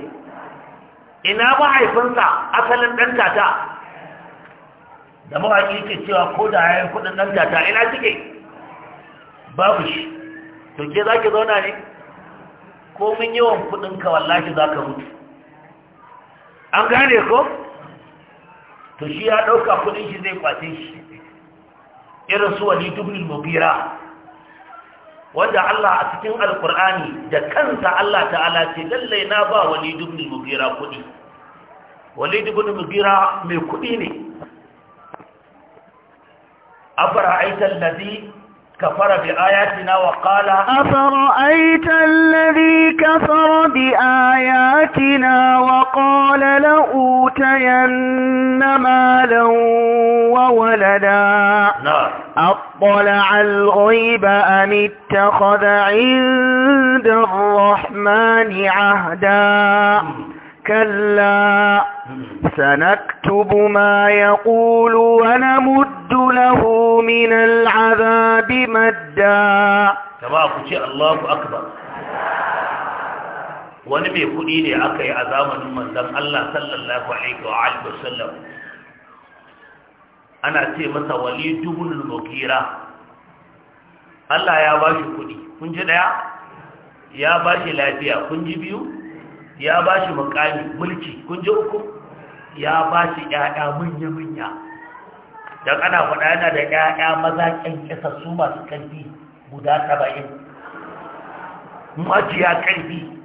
ina mahaifinsa asalin ɗan tata da mawaƙi ke cewa ko da yayin kuɗin ɗan tata ina suke babu shi to ke za ki zauna ne ko min yawan kuɗinka wallahi za ka mutu an gane ko to shi ya ɗauka kudin shi zai kwace shi irin su wali dubnil mubira wanda Allah a cikin alkur'ani da kansa Allah ta'ala ce lallai na ba wani dubnil mubira kudi Wani dubnil mubira mai kudi ne afara aitar lazi كفر بآياتنا وقال أفرأيت الذي كفر بآياتنا وقال لأوتين مالا وولدا نعم أطلع الغيب أم اتخذ عند الرحمن عهدا كلا سنكتب ما يقول ونمد له من العذاب مدا كما كتي الله أكبر wani mai kuɗi ne aka yi a zamanin manzon Allah sallallahu alaihi wa alihi wasallam ana ce masa walid ibn al-mughira Allah ya bashi kuɗi kun ji ya bashi lafiya kun ji biyu ya ba shi makami mulki kun ji uku ya ba shi ƴaƴa manya-manya dan ana faɗa yana da ƴaƴa maza kisa su masu kalbi guda saba'in majiya cikin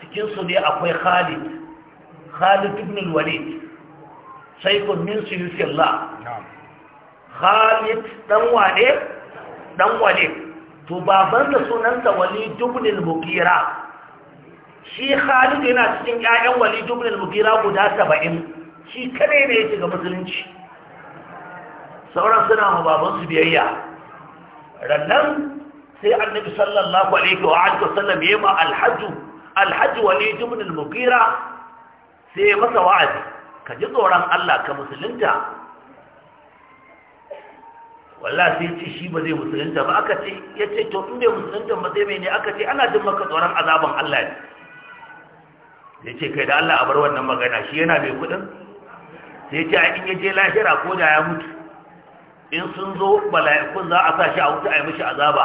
cikinsu ne akwai khalid khalid ibn walid saifun min suyufillah khalid dan wane dan wane to baban da sunansa Walid ibn al-mughira shi Khalid yana cikin ƴaƴan wali ibn al-Mughira guda saba'in, shi kare ne yake ga musulunci sauran suna ma baban su biyayya rannan sai annabi sallallahu alaihi wa alihi wasallam yayi ma al-Hajj al-Hajj Walid ibn al sai ya masa wa'azi ka ji tsoron Allah ka musulunta wallahi sai ce shi ba zai musulunta ba aka ce ya ce to in bai musulunta ba zai mai ne aka ce ana jin maka tsoron azaban Allah ne sai ce kai da Allah a bar wannan magana shi yana mai kudin sai ce in ya je lahira ko da ya mutu in sun zo bala'ikun za a sa shi a wuta a yi mishi azaba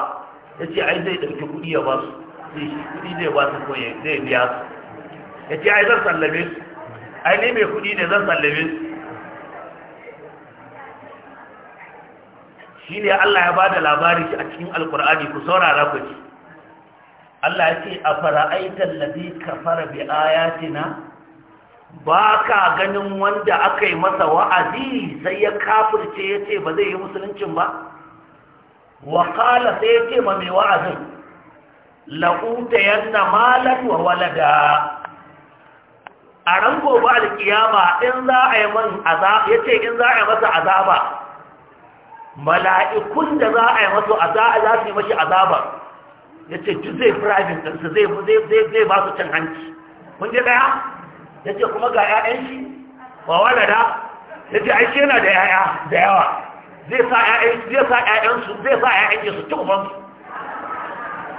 ya ce ai zai ɗauki kuɗi ya ba su sai kuɗi zai ba su ko zai biya su ya ce ai zan sallame su ai ne mai kuɗi ne zan sallame su shi ne Allah ya ba da labari shi a cikin alkur'ani ku saurara ku ci Allah ya ce a fara'aitar lafi kafara bi ayatina ba ka ganin wanda aka yi masa wa'azi sai ya kafirce ya ce ba zai yi musuluncin ba wakala sai ya ce ma mai wa'azin la'uta yanna malar wa walada a ran gobe alkiyama yace in za a yi masa azaba mala'ikun da za a yi masa azaba za su yi mashi azaba ya ce duk zai firajin ɗansa zai ba su cin hanci kun je ɗaya ya ce kuma ga 'ya'yan shi ba wa da ya ce aiki yana da 'ya'ya da yawa zai sa 'ya'yansu zai sa 'ya'yan su ci ubansu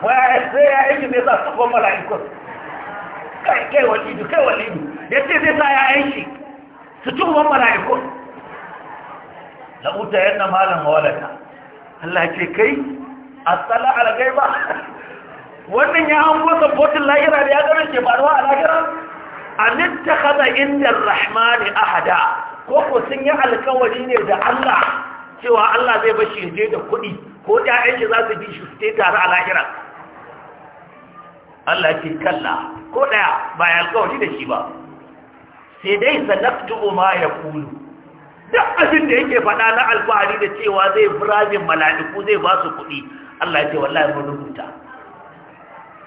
sai 'ya'yan shi zai sa su uban mala'ikun kai walidu kai walidu ya ce zai sa 'ya'yan shi su ci uban mala'ikun la'uta wa da walata Allah ce kai a tsala algai ba wannan ya an hango sabbotin lahira da ya gane ke faruwa a lahira ta haza inda rahmani ahada ko ko sun yi alkawari ne da Allah cewa Allah zai bashi yaje da kuɗi ko ƴaƴan shi za su bi shi su tare a lahira Allah ke kalla ko daya ba ya alkawari da shi ba sai dai sanaktu ma yaqulu duk abin da yake faɗa na alfahari da cewa zai firajin mala'iku zai ba su kuɗi Allah ya ce wallahi mun rubuta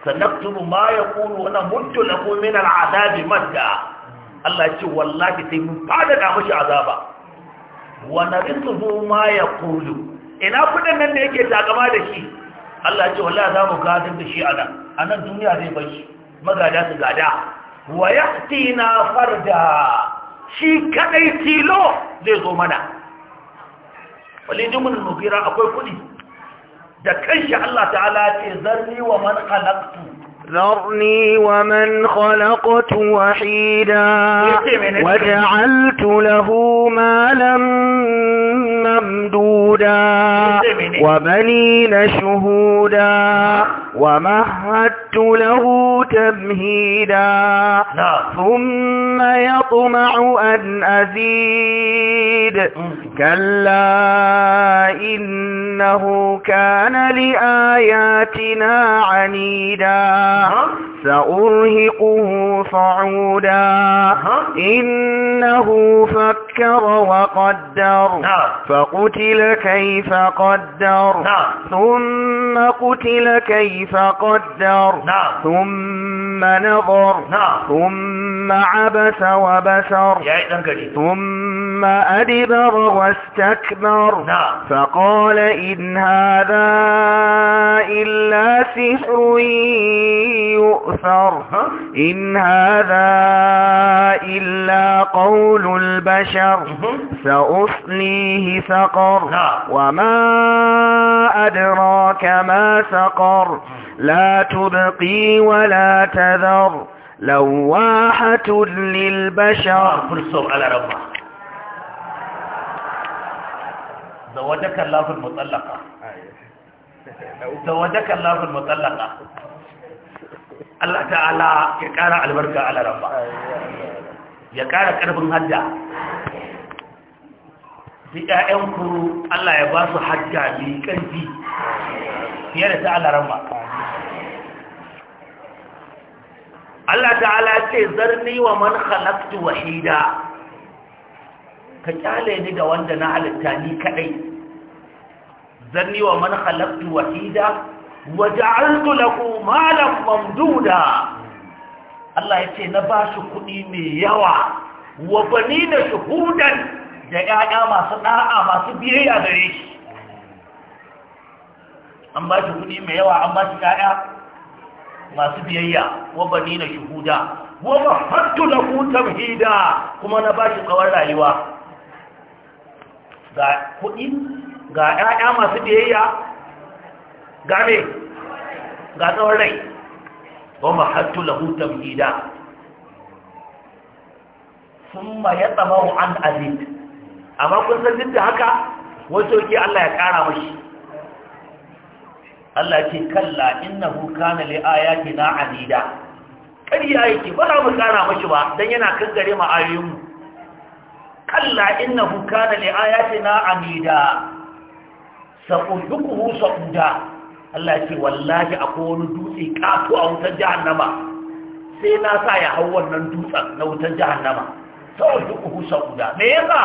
sanaktubu ma yaqulu wa namuddu lahu min al'adabi madda Allah ya ce wallahi sai mun fada da mashi azaba wa narithu ma yaqulu ina kudin nan da yake takama da shi Allah ya ce wallahi za mu gadin da shi ana anan duniya zai bar shi magada su gada wa ya'tina farda shi kadai tilo zai zo mana walidin mun mugira akwai kudi da kanshi Allah ta'ala ce zarni wa man ذرني ومن خلقت وحيدا وجعلت له مالا ممدودا وبنين شهودا ومهدت له تمهيدا نعم. ثم يطمع أن أزيد كلا إنه كان لآياتنا عنيدا سأرهقه صعودا إنه فكر وقدر نعم. فقتل كيف قدر نعم. ثم قتل كيف قدر نعم. ثم نظر ثم عبس وبسر ثم أدبر واستكبر فقال إن هذا إلا سحر يؤثر إن هذا إلا قول البشر سأصليه سقر نعم. وما أدراك ما سقر لا تبقي ولا تذر لواحة للبشر نعم، كل صوب على ربها زوجك الله في المطلقة أيوه. زوجك الله في المطلقة Allah ta'ala ya ƙara albarka a rabba ya ƙara ƙarfin hadda fi ƴaƴanku Allah ya ba su hadda mai ƙarfi fiye da ta ala Allah ta'ala ce zarni wa man khalaqtu wahida ka ƙyale ni da wanda na halitta ni kadai zarni wa man khalaqtu wahida waja'altu lahu malan mamduda Allah yace ce na ba shi kuɗi mai yawa wa bani da shuhudan da 'ya'ya masu da'a masu biyayya gare shi an ba shi kuɗi mai yawa an ba shi ƴaƴa masu biyayya wa bani da shuhuda wa ba lahu tamhida kuma na ba shi tsawon rayuwa ga kuɗi ga 'ya'ya masu biyayya gane. ga tsawon rai wa mahattu lahu tamhida ma ya tsamahu an azid amma kun san duk da haka wato ke Allah ya kara mashi Allah ce kalla innahu kana li ayatina Kadi ya yake ba za mu kara mashi ba dan yana gari ma ayoyin mu kalla innahu kana li ayatina amida sa'udukuhu sa'uda Allah ya ce wallahi akwai wani dutse kafu a wutar jahannama sai na sa ya hau wannan dutsen na wutar jahannama sau da uku sau guda me yasa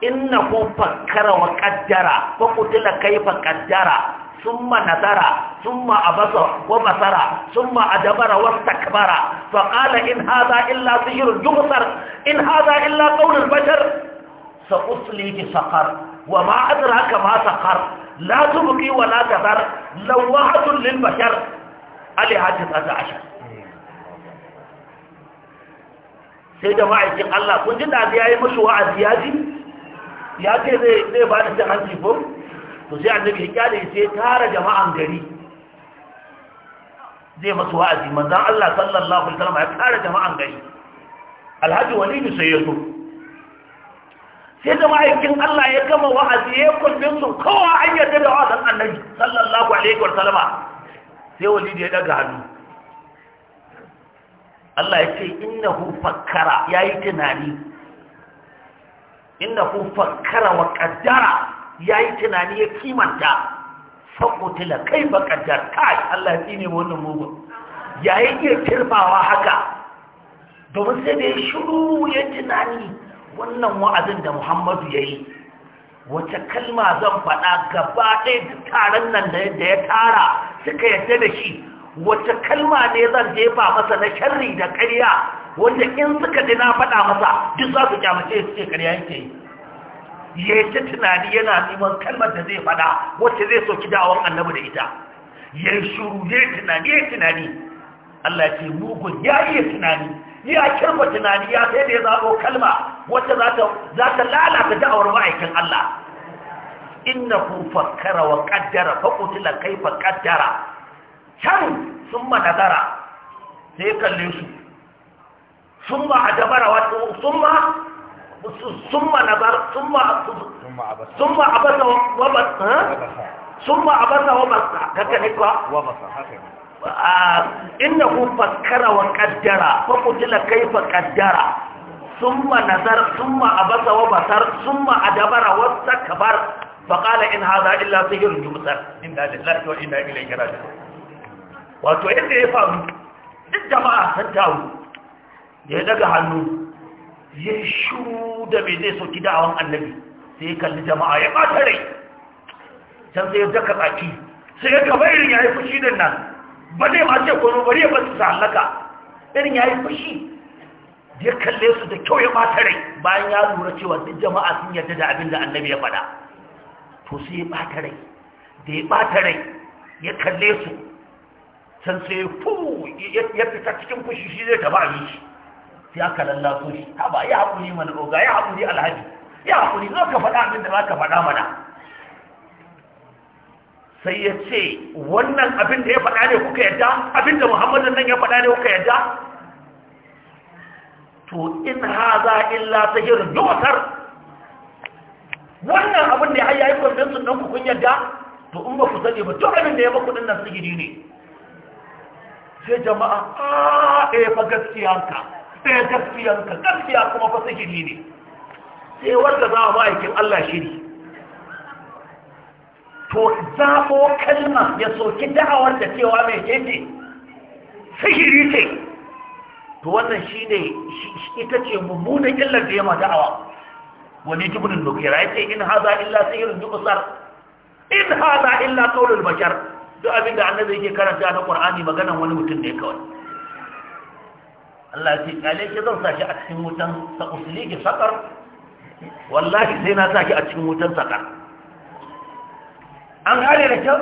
in na ko fakkara wa kaddara ko kutula kai fakkaddara sun ma nazara sun ma abasa ko masara sun ma adabara wa takbara fa in haza illa sihirun jumusar in haza illa kaunin bashar sa usli fi sakar wa ma adraka ma saqar la tubqi wa la tadar lawahatun lil bashar ali hadith hada ashar sai da ma'aikin Allah kun ji da ya yi mashi wa'azi ya ji ya ce zai ba da ta hanci ko to sai annabi ya kyale sai tara jama'an gari zai masu wa'azi manzan Allah sallallahu alaihi wasallam ya tara jama'an gari alhaji wani sai ya zo sai da ma'aikin Allah ya gama wa'azi ya kullum su kowa an yarda da wa'azin annabi sallallahu alaihi wa sallama sai walid ya daga hannu Allah ya ce innahu fakkara yayi tunani innahu fakkara wa qaddara yayi tunani ya kimanta fakutila kai ba kaddar kai Allah ya tsine wannan mugun yayi iya kirbawa haka domin sai da ya shiru ya tunani wannan wa'azin da muhammadu ya yi wace kalma zan faɗa gaba ɗaya da taron nan da ya tara suka yadda da shi wace kalma ne zan jefa masa na sharri da ƙarya wanda in suka ji na faɗa masa duk za su kyamace su ce ƙarya yake yi ya yi ta tunani yana neman kalmar da zai faɗa wacce zai soki da'awar annabi da ita ya yi shuru ya yi tunani ya yi tunani Allah ce mugun ya iya tunani ya kirma tunani ya sai da ya zaɓo kalma wacce za ta lalata da'awar ma'aikin Allah innahu fakkara wa qaddara fa qutila kaifa qaddara can summa nazara sai kalle su summa adabara wa summa summa nazar summa summa abasa wa basa summa abasa wa basa kaka ne ko wa basa haka inna ku fakara wa kaddara fa kai fa kaddara summa nazar summa abasa wa basar summa adabara wastakbar fa qala in hadha illa sihrun yumsar da lillahi wa inna ilayhi raji'un wato inda ya faru duk jama'a san tawo da ya daga hannu ya shu da bai zai soki da'awan annabi sai ya kalli jama'a ya ɓata rai can sai ya daka tsaki sai ya gaba irin ya yi fushi nan ba zai ma ce kono bari ya ba su halaka irin ya yi fushi ya kalle su da kyau ya mata rai bayan ya lura cewa duk jama'a sun yarda da abin da annabi ya faɗa to sai ya bata rai da ya bata rai ya kalle su can sai ya fu ya fita cikin fushi shi zai taba abin shi sai aka lallaso shi ba ya haƙuri mana oga ya haƙuri alhaji ya haƙuri zo ka faɗa abin da za ka faɗa mana sai ya ce wannan abin da ya faɗa ne kuka yadda abin da muhammadu nan ya faɗa ne kuka yadda to in haza illa ta yi yotar wannan abin da ya yi kwamfinsun ɗan kun yadda to in ba ku sani ba duk abin da ya baku ɗin nan sigiri ne sai jama'a a ɗaya eh fa gaskiyanka ɗaya eh gaskiyanka gaskiya kuma fa sigiri ne sai wanda za a ma'aikin allah shiri to zaɓo kalma ya soki da'awar da cewa mai ce sihiri ce to wannan shi ne ita ce mummunan illar da ya ma da'awa wani jibinin nukira ya ce in haza illa sihirin dukusar in haza illa kaulul bashar duk abin da annabi yake karanta na qur'ani maganan wani mutum ne kawai Allah ya ce kale ki zan sashi a cikin wutan sa usliki sakar wallahi sai na sashi a cikin wutan sakar an gane da kyau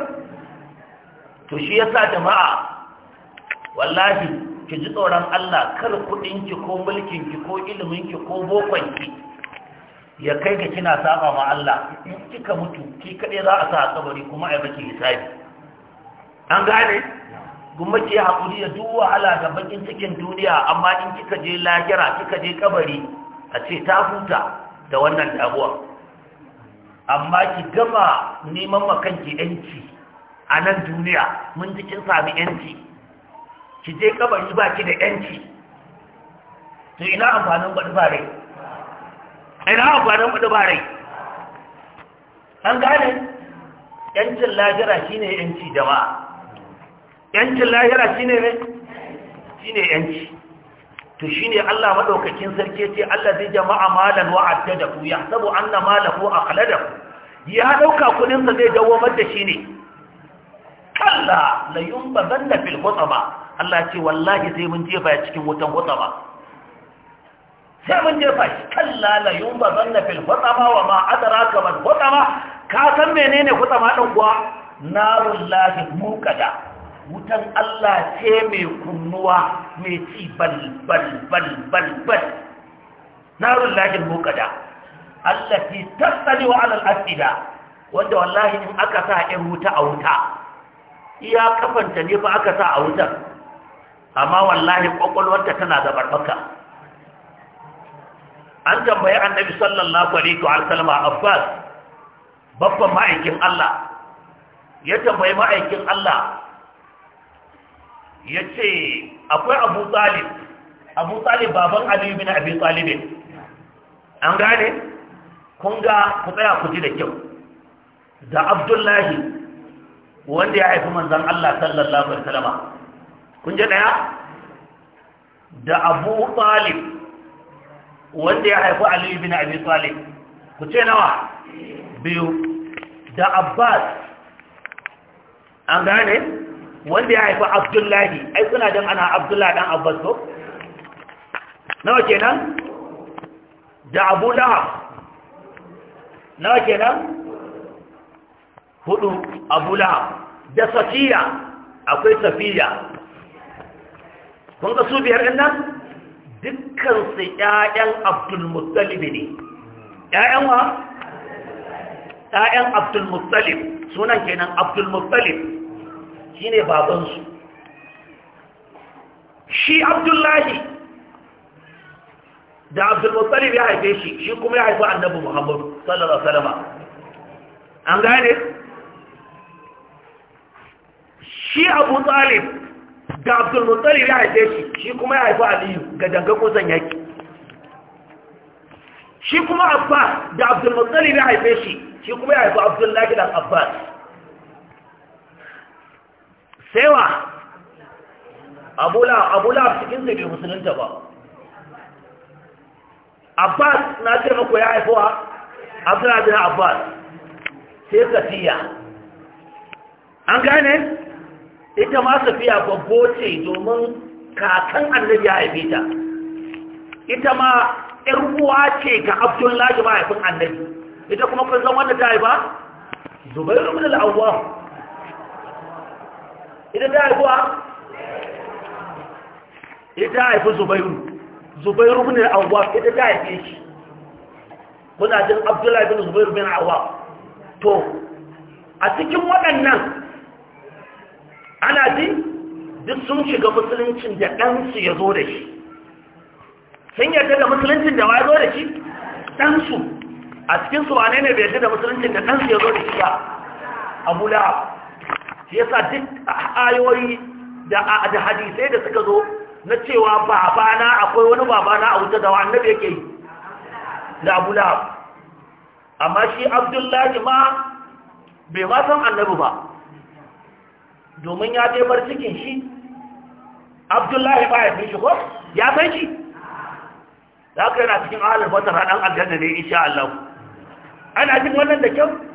to shi ya sa jama'a wallahi ki ji tsoron Allah kar kuɗinki, ko mulkinki, ko ilimin ko bokon ki ya kai ga kina saba ma Allah in kika mutu ki kade za a sa a kabari kuma ai baki hisabi an gane kuma ki hakuri da duk wahala da bakin cikin duniya amma in kika je lahira kika je kabari a ce ta huta da wannan dabuwa amma ki gama neman kanki yanci a nan duniya mun ji kin sami yanci ki je kabari ba ki da yanci to ina amfanin baɗi ba rai ina amfanin baɗi ba rai an gane yancin lahira shine yanci jama'a yancin lahira shine ne shine yanci to shi ne Allah maɗaukakin sarki ce, Allah zai jama'a malan wa ko a kala da ku. ya dauka kudin sa zai dawamar da shi ne kalla na la yunbadanna fil hutama Allah ce wallahi sai mun jefa ya cikin wutan hutama sai mun jefa shi kalla la yunbadanna fil hutama wa ma adraka man hutama ka san menene hutama din kuwa narul lahi muqada wutan Allah ce mai kunnuwa mai ci bal bal bal bal bal mokada Allah fi tasali wa alal asida wanda wallahi in aka sa in wuta a wuta iya kafanta ne fa aka sa a wuta amma wallahi kwakwalwarta tana da barbaka an tambayi annabi sallallahu alaihi wa sallam Abbas babban ma'aikin Allah ya tambayi ma'aikin Allah ya ce akwai abu talib abu talib baban aliyu bin abi talibin an gane kun ga ku tsaya ku ji da kyau da abdullahi wanda ya haifi manzan allah sallallahu alaihi wasallam kun ji daya da abu talib wanda ya haifi aliyu bin abi talib ku ce nawa biyu da abbas an gane wanda ya haifi abdullahi ai suna don ana abdullahi dan abbas ko nawa kenan da abu laha. nawa kenan hudu abu laha. da safiya akwai safiya kun ga su biyar ɗin nan dukkansu ƴaƴan abdulmuttalib ne ƴaƴan wa ƴaƴan abdulmuttalib sunan kenan abdulmuttalib Shi ne babansu shi abdullahi da abdulmuttalib ya haife shi shi kuma ya haifi annabi muhammadu sallallahu alaihi an gane shi abu talib da abdulmuttalib ya haife shi shi kuma ya haifi aliyu ga dangan kusan yaki shi kuma abbas da abdulmuttalib ya haife shi shi kuma ya haifi abdullahi da abbas sai wa abula cikin da bai musulunta ba abbas na ce mako ya haifowa abdullahi abbas sai safiya an gane ita ma safiya babbo ce domin kakan annabi ya haife ta ita ma uwa ce ga abdullahi mahaifin annabi ita kuma kun zama wanda ta haifa zubairu da al ita ta haifuwa ita ta haifi zubairu zubairu bin awwaf ita ta haife shi muna jin abdullahi bin zubairu bin awwaf to a cikin waɗannan ana ji duk sun shiga musuluncin da ɗansu ya zo da shi sun yarda da musuluncin da ya zo da shi ɗansu a cikinsu wane ne bai yarda da musuluncin da ɗansu ya zo da shi ba abu la'ab shi yasa duk ayoyi da da hadisai da suka zo na cewa babana akwai wani babana a wuta da annabi yake yi da Abu amma shi Abdullahi ma bai ma san annabi ba domin ya je bar cikin shi Abdullahi ba ya fi shi ko ya san shi da yana cikin ahalar wata ranar aljanna ne insha Allah ana jin wannan da kyau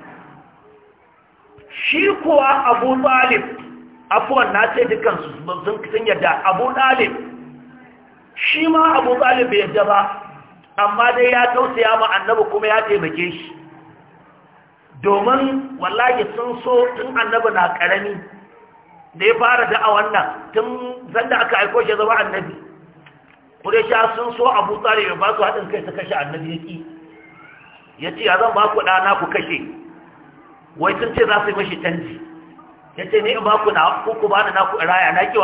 shi kuwa abu ɗalib afuwan na ce dukkan sun yadda abu ɗalib shi ma abu ɗalib bai yadda ba amma dai ya tausaya ma annabi kuma ya taimake shi domin wallahi sun so tun annabi na ƙarami da ya fara a wannan tun zanda aka aiko shi zama annabi sha sun so abu ɗalib ya ba su haɗin kai su kashe annabi ya ƙi ya ce ya zan ba ku ɗana ku kashe wai sun ce za su yi mashi canji ya ce ni in ba ku na ku ba na ku raya na ki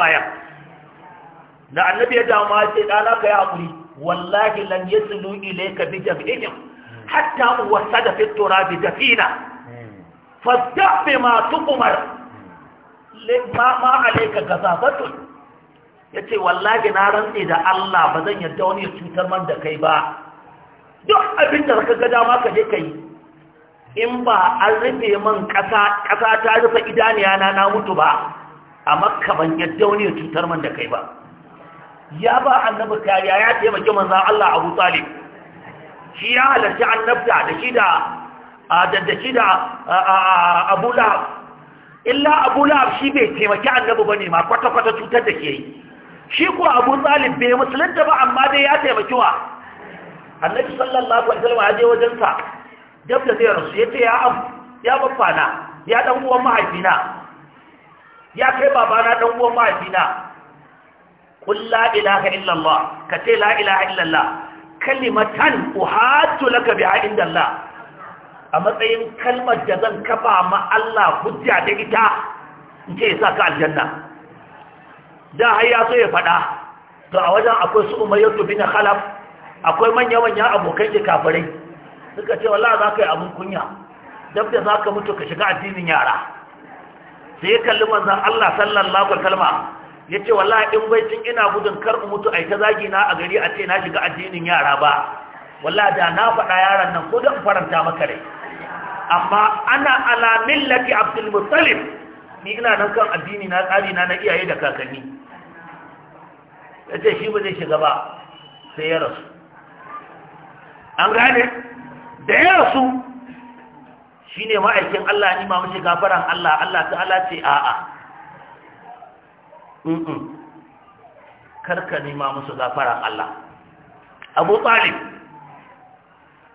da annabi ya dama a ce ɗana ka yi hakuri wallahi lan yaslu ilayka bi jam'ihim hatta wasada fi turabi dafina fastafi ma tuqmar ma ma alayka gazabatun ya ce wallahi na rantse da Allah ba zan yarda wani cutar man da kai ba duk abin da ka ga dama ka je ka yi in ba an rufe man ƙasa ƙasa ta rufe idaniya na na mutu ba a makka ban yadda wani ya cutar man da kai ba ya ba annabi kariya ya taimaki manzan Allah Abu Talib shi ya halarci annabta da shi da da shi da Abu Lahab illa Abu Lahab shi bai taimaki annabi bane ma kwata kwata cutar da ke yi shi ko Abu Talib bai musulunta ba amma dai ya taimaki wa annabi sallallahu alaihi wasallam ya je wajensa dab zai rasu ya ce ya abu ya ya dan mahaifina ya kai babana dan uwan mahaifina qul la ilaha illallah ka ce la ilaha illallah kalimatan uhatu laka bi indallah a matsayin kalmar da zan kafa ma Allah hujja da ita in ce sa ka aljanna da har ya so ya faɗa to a wajen akwai su bi na khalaf akwai manya-manyan abokai da kafirai suka ce wallahi za ka yi abin kunya dab da za ka mutu ka shiga addinin yara sai ya kalli manzan Allah sallallahu alaihi wasallam ya wallahi in bai cin ina gudun kar in mutu ai ta zagi na a gari a ce na shiga addinin yara ba wallahi da na faɗa yaran nan ko dan faranta maka rai amma ana ala millati abdul muttalib ni ina nan kan addini na tsari na na iyaye da kakanni ya ce shi ba zai shiga ba sai ya rasu an gane da ya rasu shi ne ma'aikin Allah ni ma mace gafaran Allah Allah ta'ala ce a'a karka ma musu gafaran Allah abu talib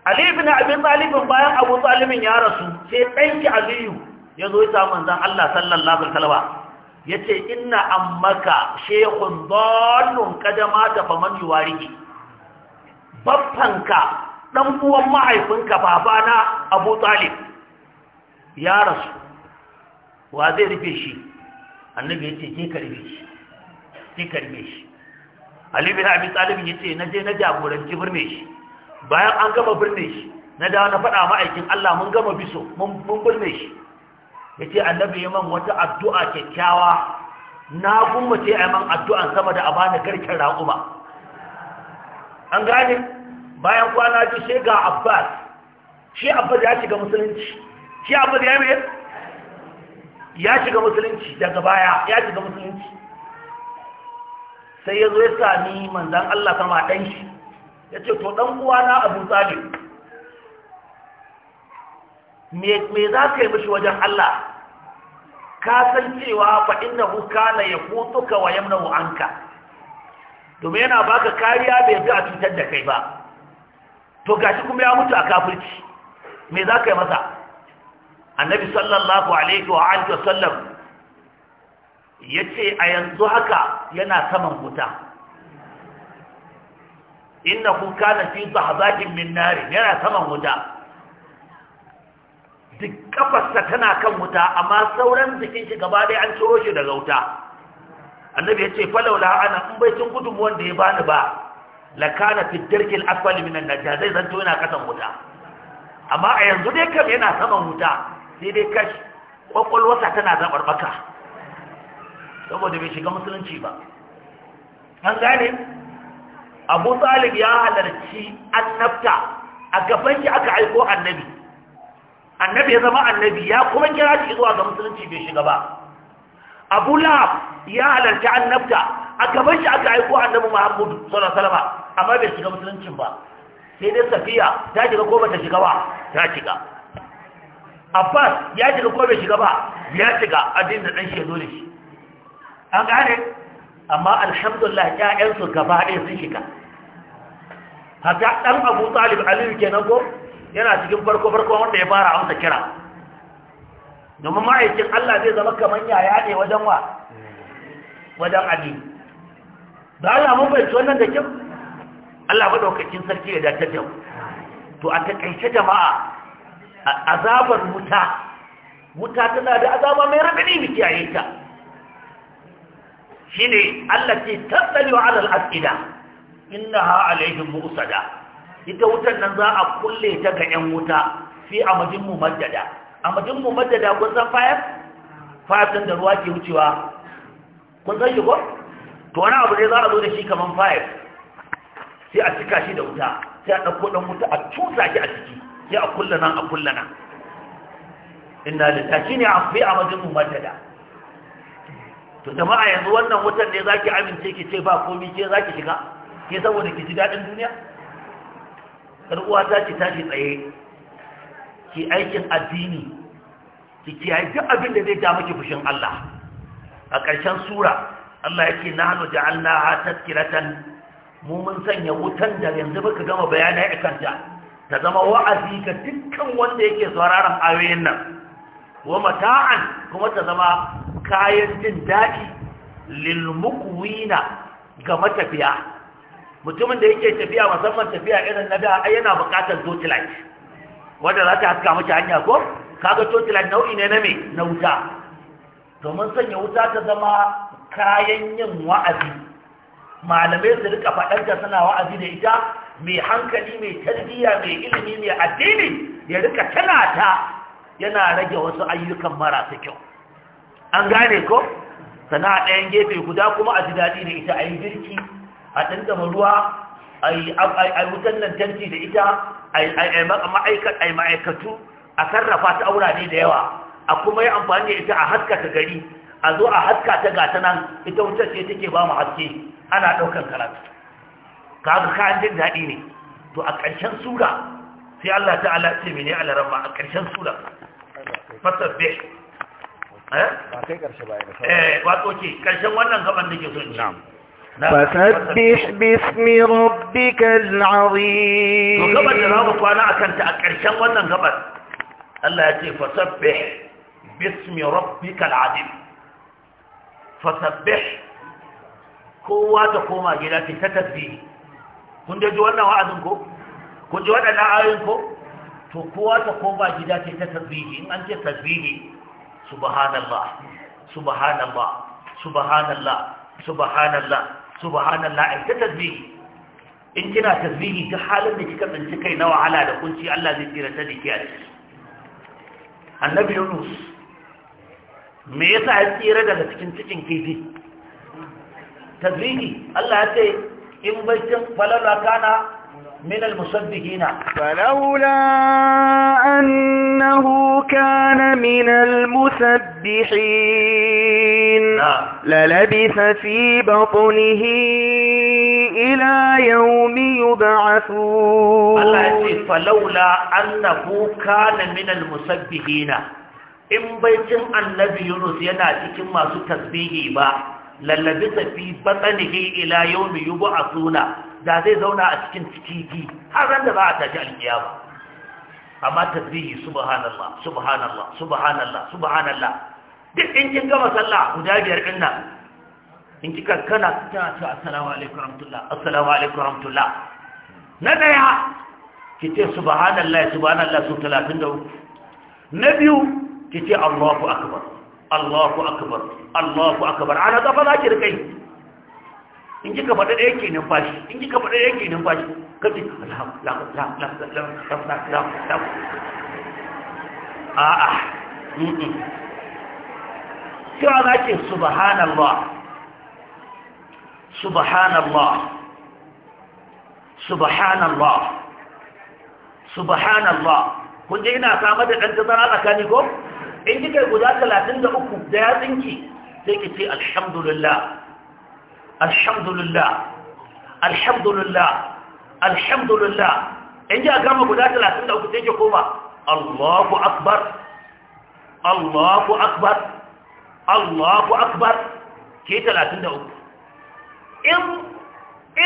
alibi abin talibin bayan abu talibin ya rasu sai ɗanki aliyu ya zo ya samun zan Allah sallallahu talaba. ya ce ina an maka shekun zonun kada mata faman yiwari babbanka ɗan uwan mahaifinka babana abu talib ya rasu wa zai rufe shi annabi ya ce ke karbe shi ke karbe shi ali bin abi talib ya ce na je na jagoranci birne shi bayan an gama birne shi na dawo na faɗa ma'aikin Allah mun gama biso mun birne shi ya ce annabi ya man wata addu'a kyakkyawa na gummace a man addu'an sama da a bani garken raƙuma an gane bayan kwana ji shi ga abbas shi abbas ya shiga musulunci shi abbas ya mai ya shiga musulunci daga baya ya shiga musulunci sai ya zo ya sami manzan Allah kama ɗan shi ya ce to ɗan uwana abu tsari me za ka yi mashi wajen Allah ka san cewa fa na ya yaqutuka wa yamnahu anka domin yana baka kariya bai ga cutar da kai ba to gashi kuma ya mutu a kafirci me za ka yi masa annabi sallallahu alaihi wa alihi wasallam ya ce a yanzu haka yana saman wuta inna kuka na fi zahazakin min nari yana saman wuta duk kafarsa tana kan wuta amma sauran jikin shi gaba dai an ciro shi daga wuta annabi ya ce falaula ana in bai cin gudun wanda ya bani ba lakana fi dirkil asfali minan najja zai zanto yana kasan wuta amma a yanzu dai kam yana saman wuta sai dai kashi kwakwalwasa tana zabar baka saboda bai shiga musulunci ba an gane abu talib ya halarci annabta a gaban shi aka aiko annabi annabi ya zama annabi ya kuma kira shi zuwa ga musulunci bai shiga ba abu lahab ya halarci annabta a gaban shi aka aiko annabi muhammadu sallallahu alaihi wasallam amma bai shiga musuluncin ba sai dai safiya ta shiga ko bata shiga ba ta shiga abbas ya shiga ko bai shiga ba ya shiga addinin da dan shi yazo da shi an gane amma alhamdulillah su gaba ɗaya sun shiga hatta dan abu talib aliyu kenan ko yana cikin farko farko wanda ya fara amsa kira domin ma'aikin allah zai zama kamar yaya ne wajen wa wajen addini Ba ana mun bai wannan da kyau Allah madaukakin sarki ya dace da to a takaice jama'a azabar wuta wuta tana da azaba mai rabani mu kiyaye ta shine Allah ce tattali wa alal asida innaha alaihim mu'sada ita wutan nan za a kulle ta ga yan wuta fi amadin mumaddada amadin mumaddada kun san fayar fatan da ruwa ke wucewa kun san shi ko to wani abu ne za a zo da shi kaman fayar sai a cika shi da wuta sai a ɗauko ɗan wuta a cusa shi a ciki sai a kullana a kullana. inna lillahi shi ne a fi a majin umarta to jama'a yanzu wannan wutan ne zaki amince ki ce ba komai ke zaki shiga ke saboda ki ji daɗin duniya kar uwa ta ki tashi tsaye ki aikin addini ki kiyaye duk abin da zai ja miki fushin Allah a ƙarshen sura Allah yake nahnu ja'alnaha tazkiratan mu mun sanya wutan da yanzu baka gama bayanai a kanta ta zama wa'azi ga dukkan wanda yake sauraron ayoyin nan wa mata'an kuma ta zama kayan jin daɗi lil muqwina ga matafiya mutumin da yake tafiya musamman tafiya irin na da yana buƙatar torchlight wanda za ta haska mace hanya ko kaga torchlight nau'i ne na me na wuta domin sanya wuta ta zama kayan yin wa'azi malamai su rika faɗar da suna wa'azi da ita mai hankali mai tarbiyya mai ilimi mai addini ya rika tana ta yana rage wasu ayyukan marasa kyau an gane ko sana ɗayan gefe guda kuma a ji daɗi da ita a yi girki a ɗandama ruwa a yi wutan lantarki da ita a yi ma'aikatu a sarrafa ta aura ne da yawa a kuma yi amfani da ita a haska ta gari a zo a haska ta gata nan ita wutar ce take ba mu haske ana ɗaukar karatu ka haka ka an jin daɗi ne to a ƙarshen sura sai Allah ta'ala ce mene alaran ma a ƙarshen sura fasar eh? be eh, wato ke ƙarshen wannan gaban da ke son فسبح باسم ربك العظيم وقبل الله وانا اكنت اكرشن wannan gaban Allah ya ce fasabbih bismi rabbikal azim kowa ta koma gida ta ta tasbihi kun da ji wannan wa'azin ko kun ji waɗannan ayoyin ko to kowa ta koma gida ta ta tasbihi in an ce tasbihi subhanallah subhanallah subhanallah subhanallah subhanallah ai ta tasbihi in kina tasbihi ta halin da kika tsinci kai na wahala da kunci Allah zai tsira ta dake a ciki annabi Yunus me yasa ya tsira daga cikin cikin kifi tazrihi Allah ya ce in bai cin falalwa kana minal musaddihina falawla annahu kana minal musaddihin la labisa fi batnihi ila yawmi yub'athun Allah ce falawla annahu kana minal musaddihina in bai cin annabi yunus yana cikin masu tasbihi ba lallabi tafi batsanihi ila yau mai yubu a suna da zai zauna a cikin cikiki har ran da za a tashi alkiyama amma tasbihi subhanallah subhanallah subhanallah subhanallah duk in kin gama sallah guda biyar din nan in kika kana ta ce assalamu alaikum rahmatullah assalamu alaikum rahmatullah na daya ki ce subhanallah subhanallah su talatin 33 na biyu ki ce allahu akbar Allahu akbar Allahu akbar ana zafa za ki rikai in kika faɗa ɗaya ke numfashi in kika faɗa ɗaya ke numfashi ka ce a'a subhanallah subhanallah subhanallah subhanallah kun je ina samar da ɗan tazara tsakani ko in kika guda talatin da uku da ya sai ki ce alhamdulillah alhamdulillah alhamdulillah alhamdulillah in ji a gama guda talatin da uku sai ki koma allahu akbar allahu akbar allahu akbar ke talatin da uku in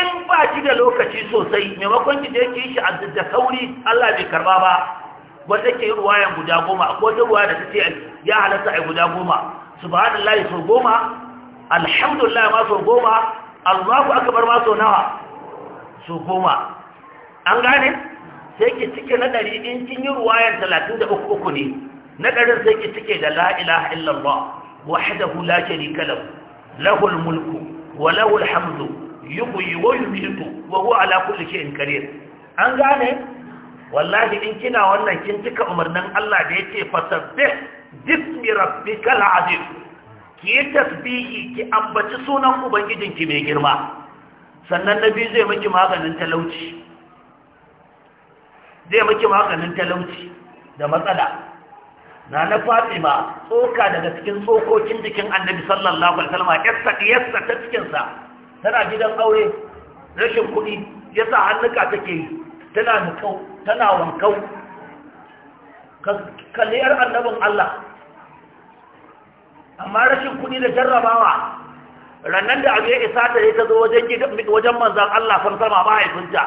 in ba ki da lokaci sosai maimakon ki je ki shi a sauri Allah bai karba ba wanda ke ruwayan guda goma akwai wata ruwa da take ya halatta a guda goma subhanallahi sau goma alhamdulillah ma sau goma allahu akbar ma sau nawa sau goma an gane sai ki cike na ɗari in kin yi ruwayan talatin da uku uku ne na ɗarin sai ki cike da la ilaha illallah wahdahu la sharika lahu lahul mulku wa lahul hamdu yuhyi wa yumiitu wa huwa ala kulli shay'in kare. an gane wallahi in kina wannan kin cika umarnin Allah da yake fasabbih bismi rabbikal azim ki tasbihi ki ambaci sunan ubangijinki mai girma sannan nabi zai miki maganin talauci zai miki maganin talauci da matsala na na Fatima tsoka daga cikin tsokokin jikin Annabi sallallahu alaihi wasallam yassa yassa ta cikin sa tana gidan aure rashin kuɗi yasa hannuka take yi tana nukau tana wankau kalliyar annabin Allah amma rashin kuɗi da jarrabawa rannan da abu ya isa ta ta zo wajen wajen manzan Allah san sama ba mahaifinta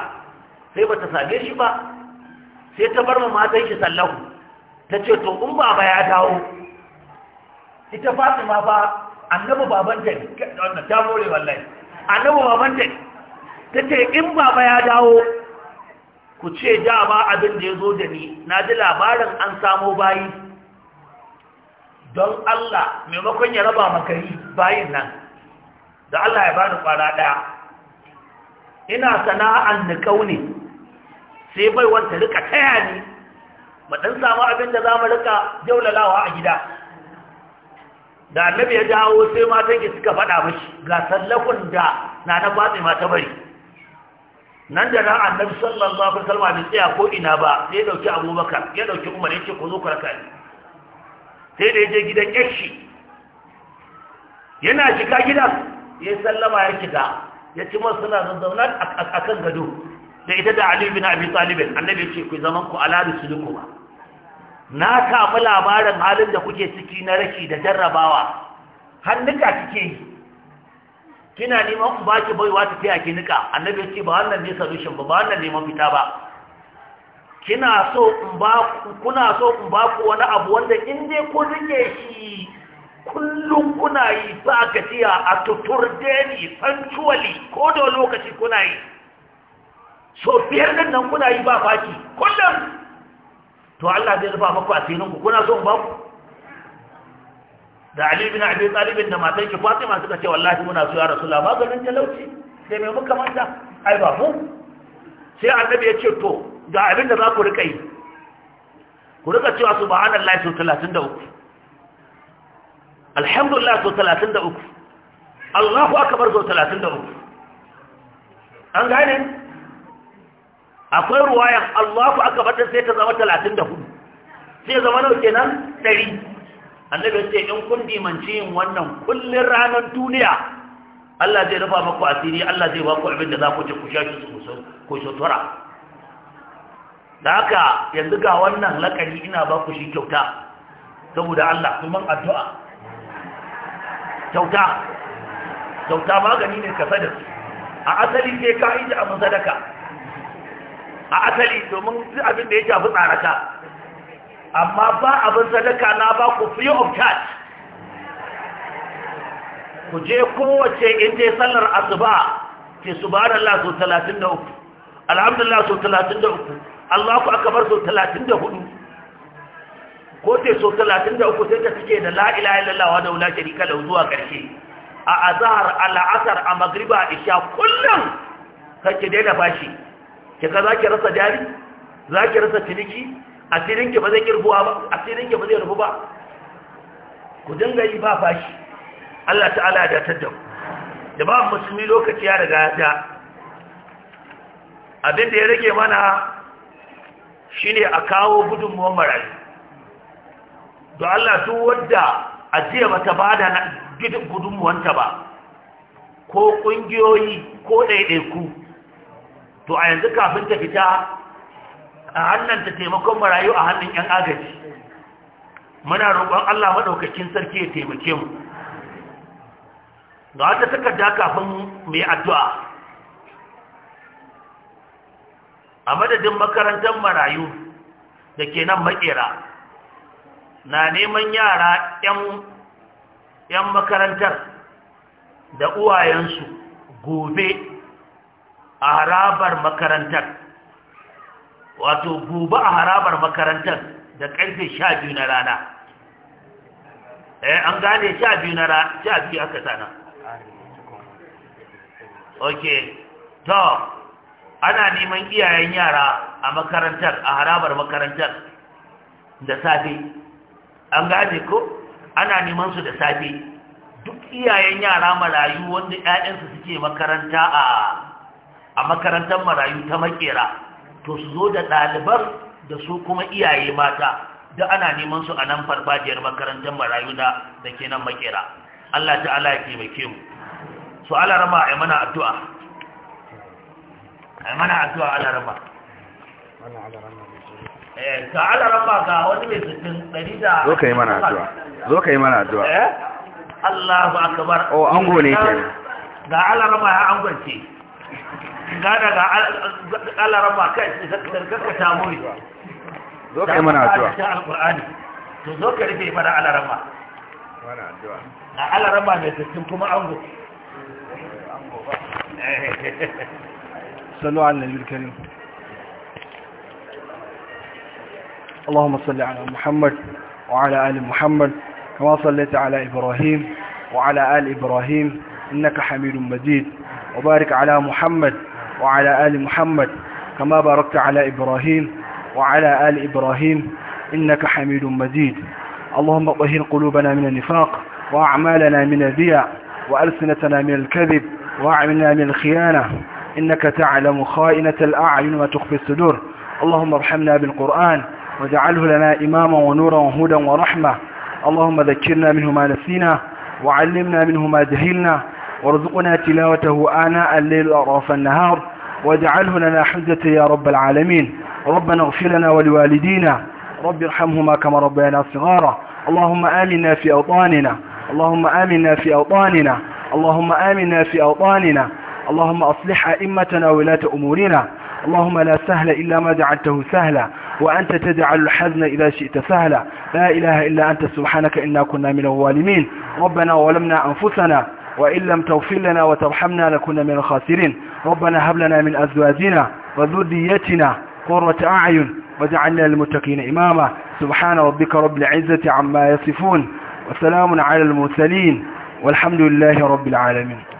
sai ba ta same shi ba sai ta bar ma matan shi sallahu ta ce to in baba ya dawo ita fatima ba annabi babanta ne ta more wallahi annabi babanta ne ta ce in baba ya dawo ku ce dama abin da ya zo da ni na ji labarin an samo bayi don Allah maimakon ya raba makari bayin nan da Allah ya bani kwara ɗaya ina sana'an da ne sai bai wanta rika taya ni ba samu abin da za mu rika jaulalawa a gida da annabi ya dawo sai matan ki suka faɗa mashi ga sallakun da na na batsi ma ta bari nan da ran annabi sallallahu alaihi wasallam bai tsaya ko ina ba sai ya dauki abubakar ya dauki umar ya ce ku zo ku raka ni sai da yaje gidan yashi yana shiga gidan ya sallama ya shiga ya ci masu suna zazzauna a kan gado da ita da ali bin abi talib annabi ya ce ku zaman ku ala rusuluku ba na samu labarin halin da kuke ciki na rashi da jarrabawa nika kike yi kina neman in baki baiwa ta taya ki nika annabi ya ce ba wannan ne solution ba ba wannan neman fita ba kina so in ba kuna so in ba ku wani abu wanda in dai ku rike shi kullum kuna yi ba tiya a tutur daily punctually ko da lokaci kuna yi so biyar din nan kuna yi ba baki kullum to Allah zai rufa maku asirin ku kuna so in ba ku da Ali bin Abi Talib da matan ki Fatima suka ce wallahi muna so ya Rasulullah ganin talauci sai me muka manta ai ba mu sai annabi ya ce to ga abin da za ku rika yi ku rika cewa subhanallahi sau 33 alhamdulillah sau 33 Allahu akbar sau 33 an gane akwai ruwaya, Allahu akbar sai ta zama 34 sai zama nau kenan 100 annabi ce in kun dimanci yin wannan kullun ranar duniya Allah zai rufa maku asiri Allah zai ba ku abin da za ku ci ku sha shi ku sutura da haka yanzu ga wannan lakari ina ba ku shi kyauta saboda Allah man addu'a kyauta kyauta magani ne ka sadar a asali sai ka yi da abin sadaka a asali domin abin da ya shafi tsaraka amma ba abin sadaka na ba ku free of charge ku je kowace inda sallar asuba ke subhanallah so 33 alhamdulillah so 33 Allahu akbar so 34 ko te so 33 sai ta cike da la ilaha illallah wa daula sharika lahu zuwa karshe a azhar al-asr a magriba isha kullum kake daina bashi kika zaki rasa jari zaki rasa ciniki asirin ba zai kirfuwa ba asirin ba zai rufu ba ku dinga yi ba fashi Allah ta'ala ya datar da ku. da ba musulmi lokaci ya riga da abin da ya rage mana shine a kawo gudunmuwan marayu To Allah duk wadda ajiya bata bada na gudunmuwanta ba ko ƙungiyoyi ko ɗaiɗaiku to a yanzu kafin ta fita a hannun ta taimakon marayu a hannun 'yan agaji muna roƙon Allah maɗaukakin sarki ya taimake mu ga wata takarda kafin mai addu'a a madadin makarantar marayu da ke nan makera na neman yara 'yan makarantar da uwayensu gobe a harabar makarantar wato gobe a harabar makarantar da karfe sha biyu na rana eh an gane sha biyu na rana sha biyu aka sana ok to ana neman iyayen yara a makarantar a harabar makarantar da safe an gane ko ana neman su da safe duk iyayen yara marayu wanda 'ya'yansu suke makaranta a a makarantar marayu ta makera to su zo da ɗalibar da su kuma iyaye mata da ana neman su a nan farfajiyar makarantar marayu na da ke nan makera Allah ta'ala ya taimake mu su ala rama a mana addu'a a mana addu'a ala rama eh, ta ala rama ga wani mai sassin ɗari da zo ka yi mana addu'a zo ka yi mana addu'a eh? Allahu akbar oh ango ne ke ga ala rama ya ce. ربنا صلوا على النبي الكريم اللهم صل على محمد وعلى ال محمد كما صليت على ابراهيم وعلى ال ابراهيم انك حميد مجيد وبارك على محمد وعلى آل محمد كما باركت على إبراهيم وعلى آل إبراهيم إنك حميد مجيد اللهم طهر قلوبنا من النفاق وأعمالنا من الرياء وألسنتنا من الكذب وأعملنا من الخيانة إنك تعلم خائنة الأعين وتخفي الصدور اللهم ارحمنا بالقرآن واجعله لنا إماما ونورا وهدى ورحمة اللهم ذكرنا منه ما نسينا وعلمنا منه ما جهلنا وارزقنا تلاوته آناء الليل وأطراف النهار واجعله لنا حجة يا رب العالمين ربنا اغفر لنا ولوالدينا رب ارحمهما كما ربينا صغارا اللهم آمنا في أوطاننا اللهم آمنا في أوطاننا اللهم آمنا في أوطاننا اللهم أصلح أئمتنا ولاة أمورنا اللهم لا سهل إلا ما جعلته سهلا وأنت تجعل الحزن إذا شئت سهلا لا إله إلا أنت سبحانك إنا كنا من الظالمين ربنا ظلمنا أنفسنا وإن لم تغفر لنا وترحمنا لكنا من الخاسرين ربنا هب لنا من أزواجنا وذريتنا قرة أعين وجعلنا للمتقين إماما سبحان ربك رب العزة عما يصفون وسلام على المرسلين والحمد لله رب العالمين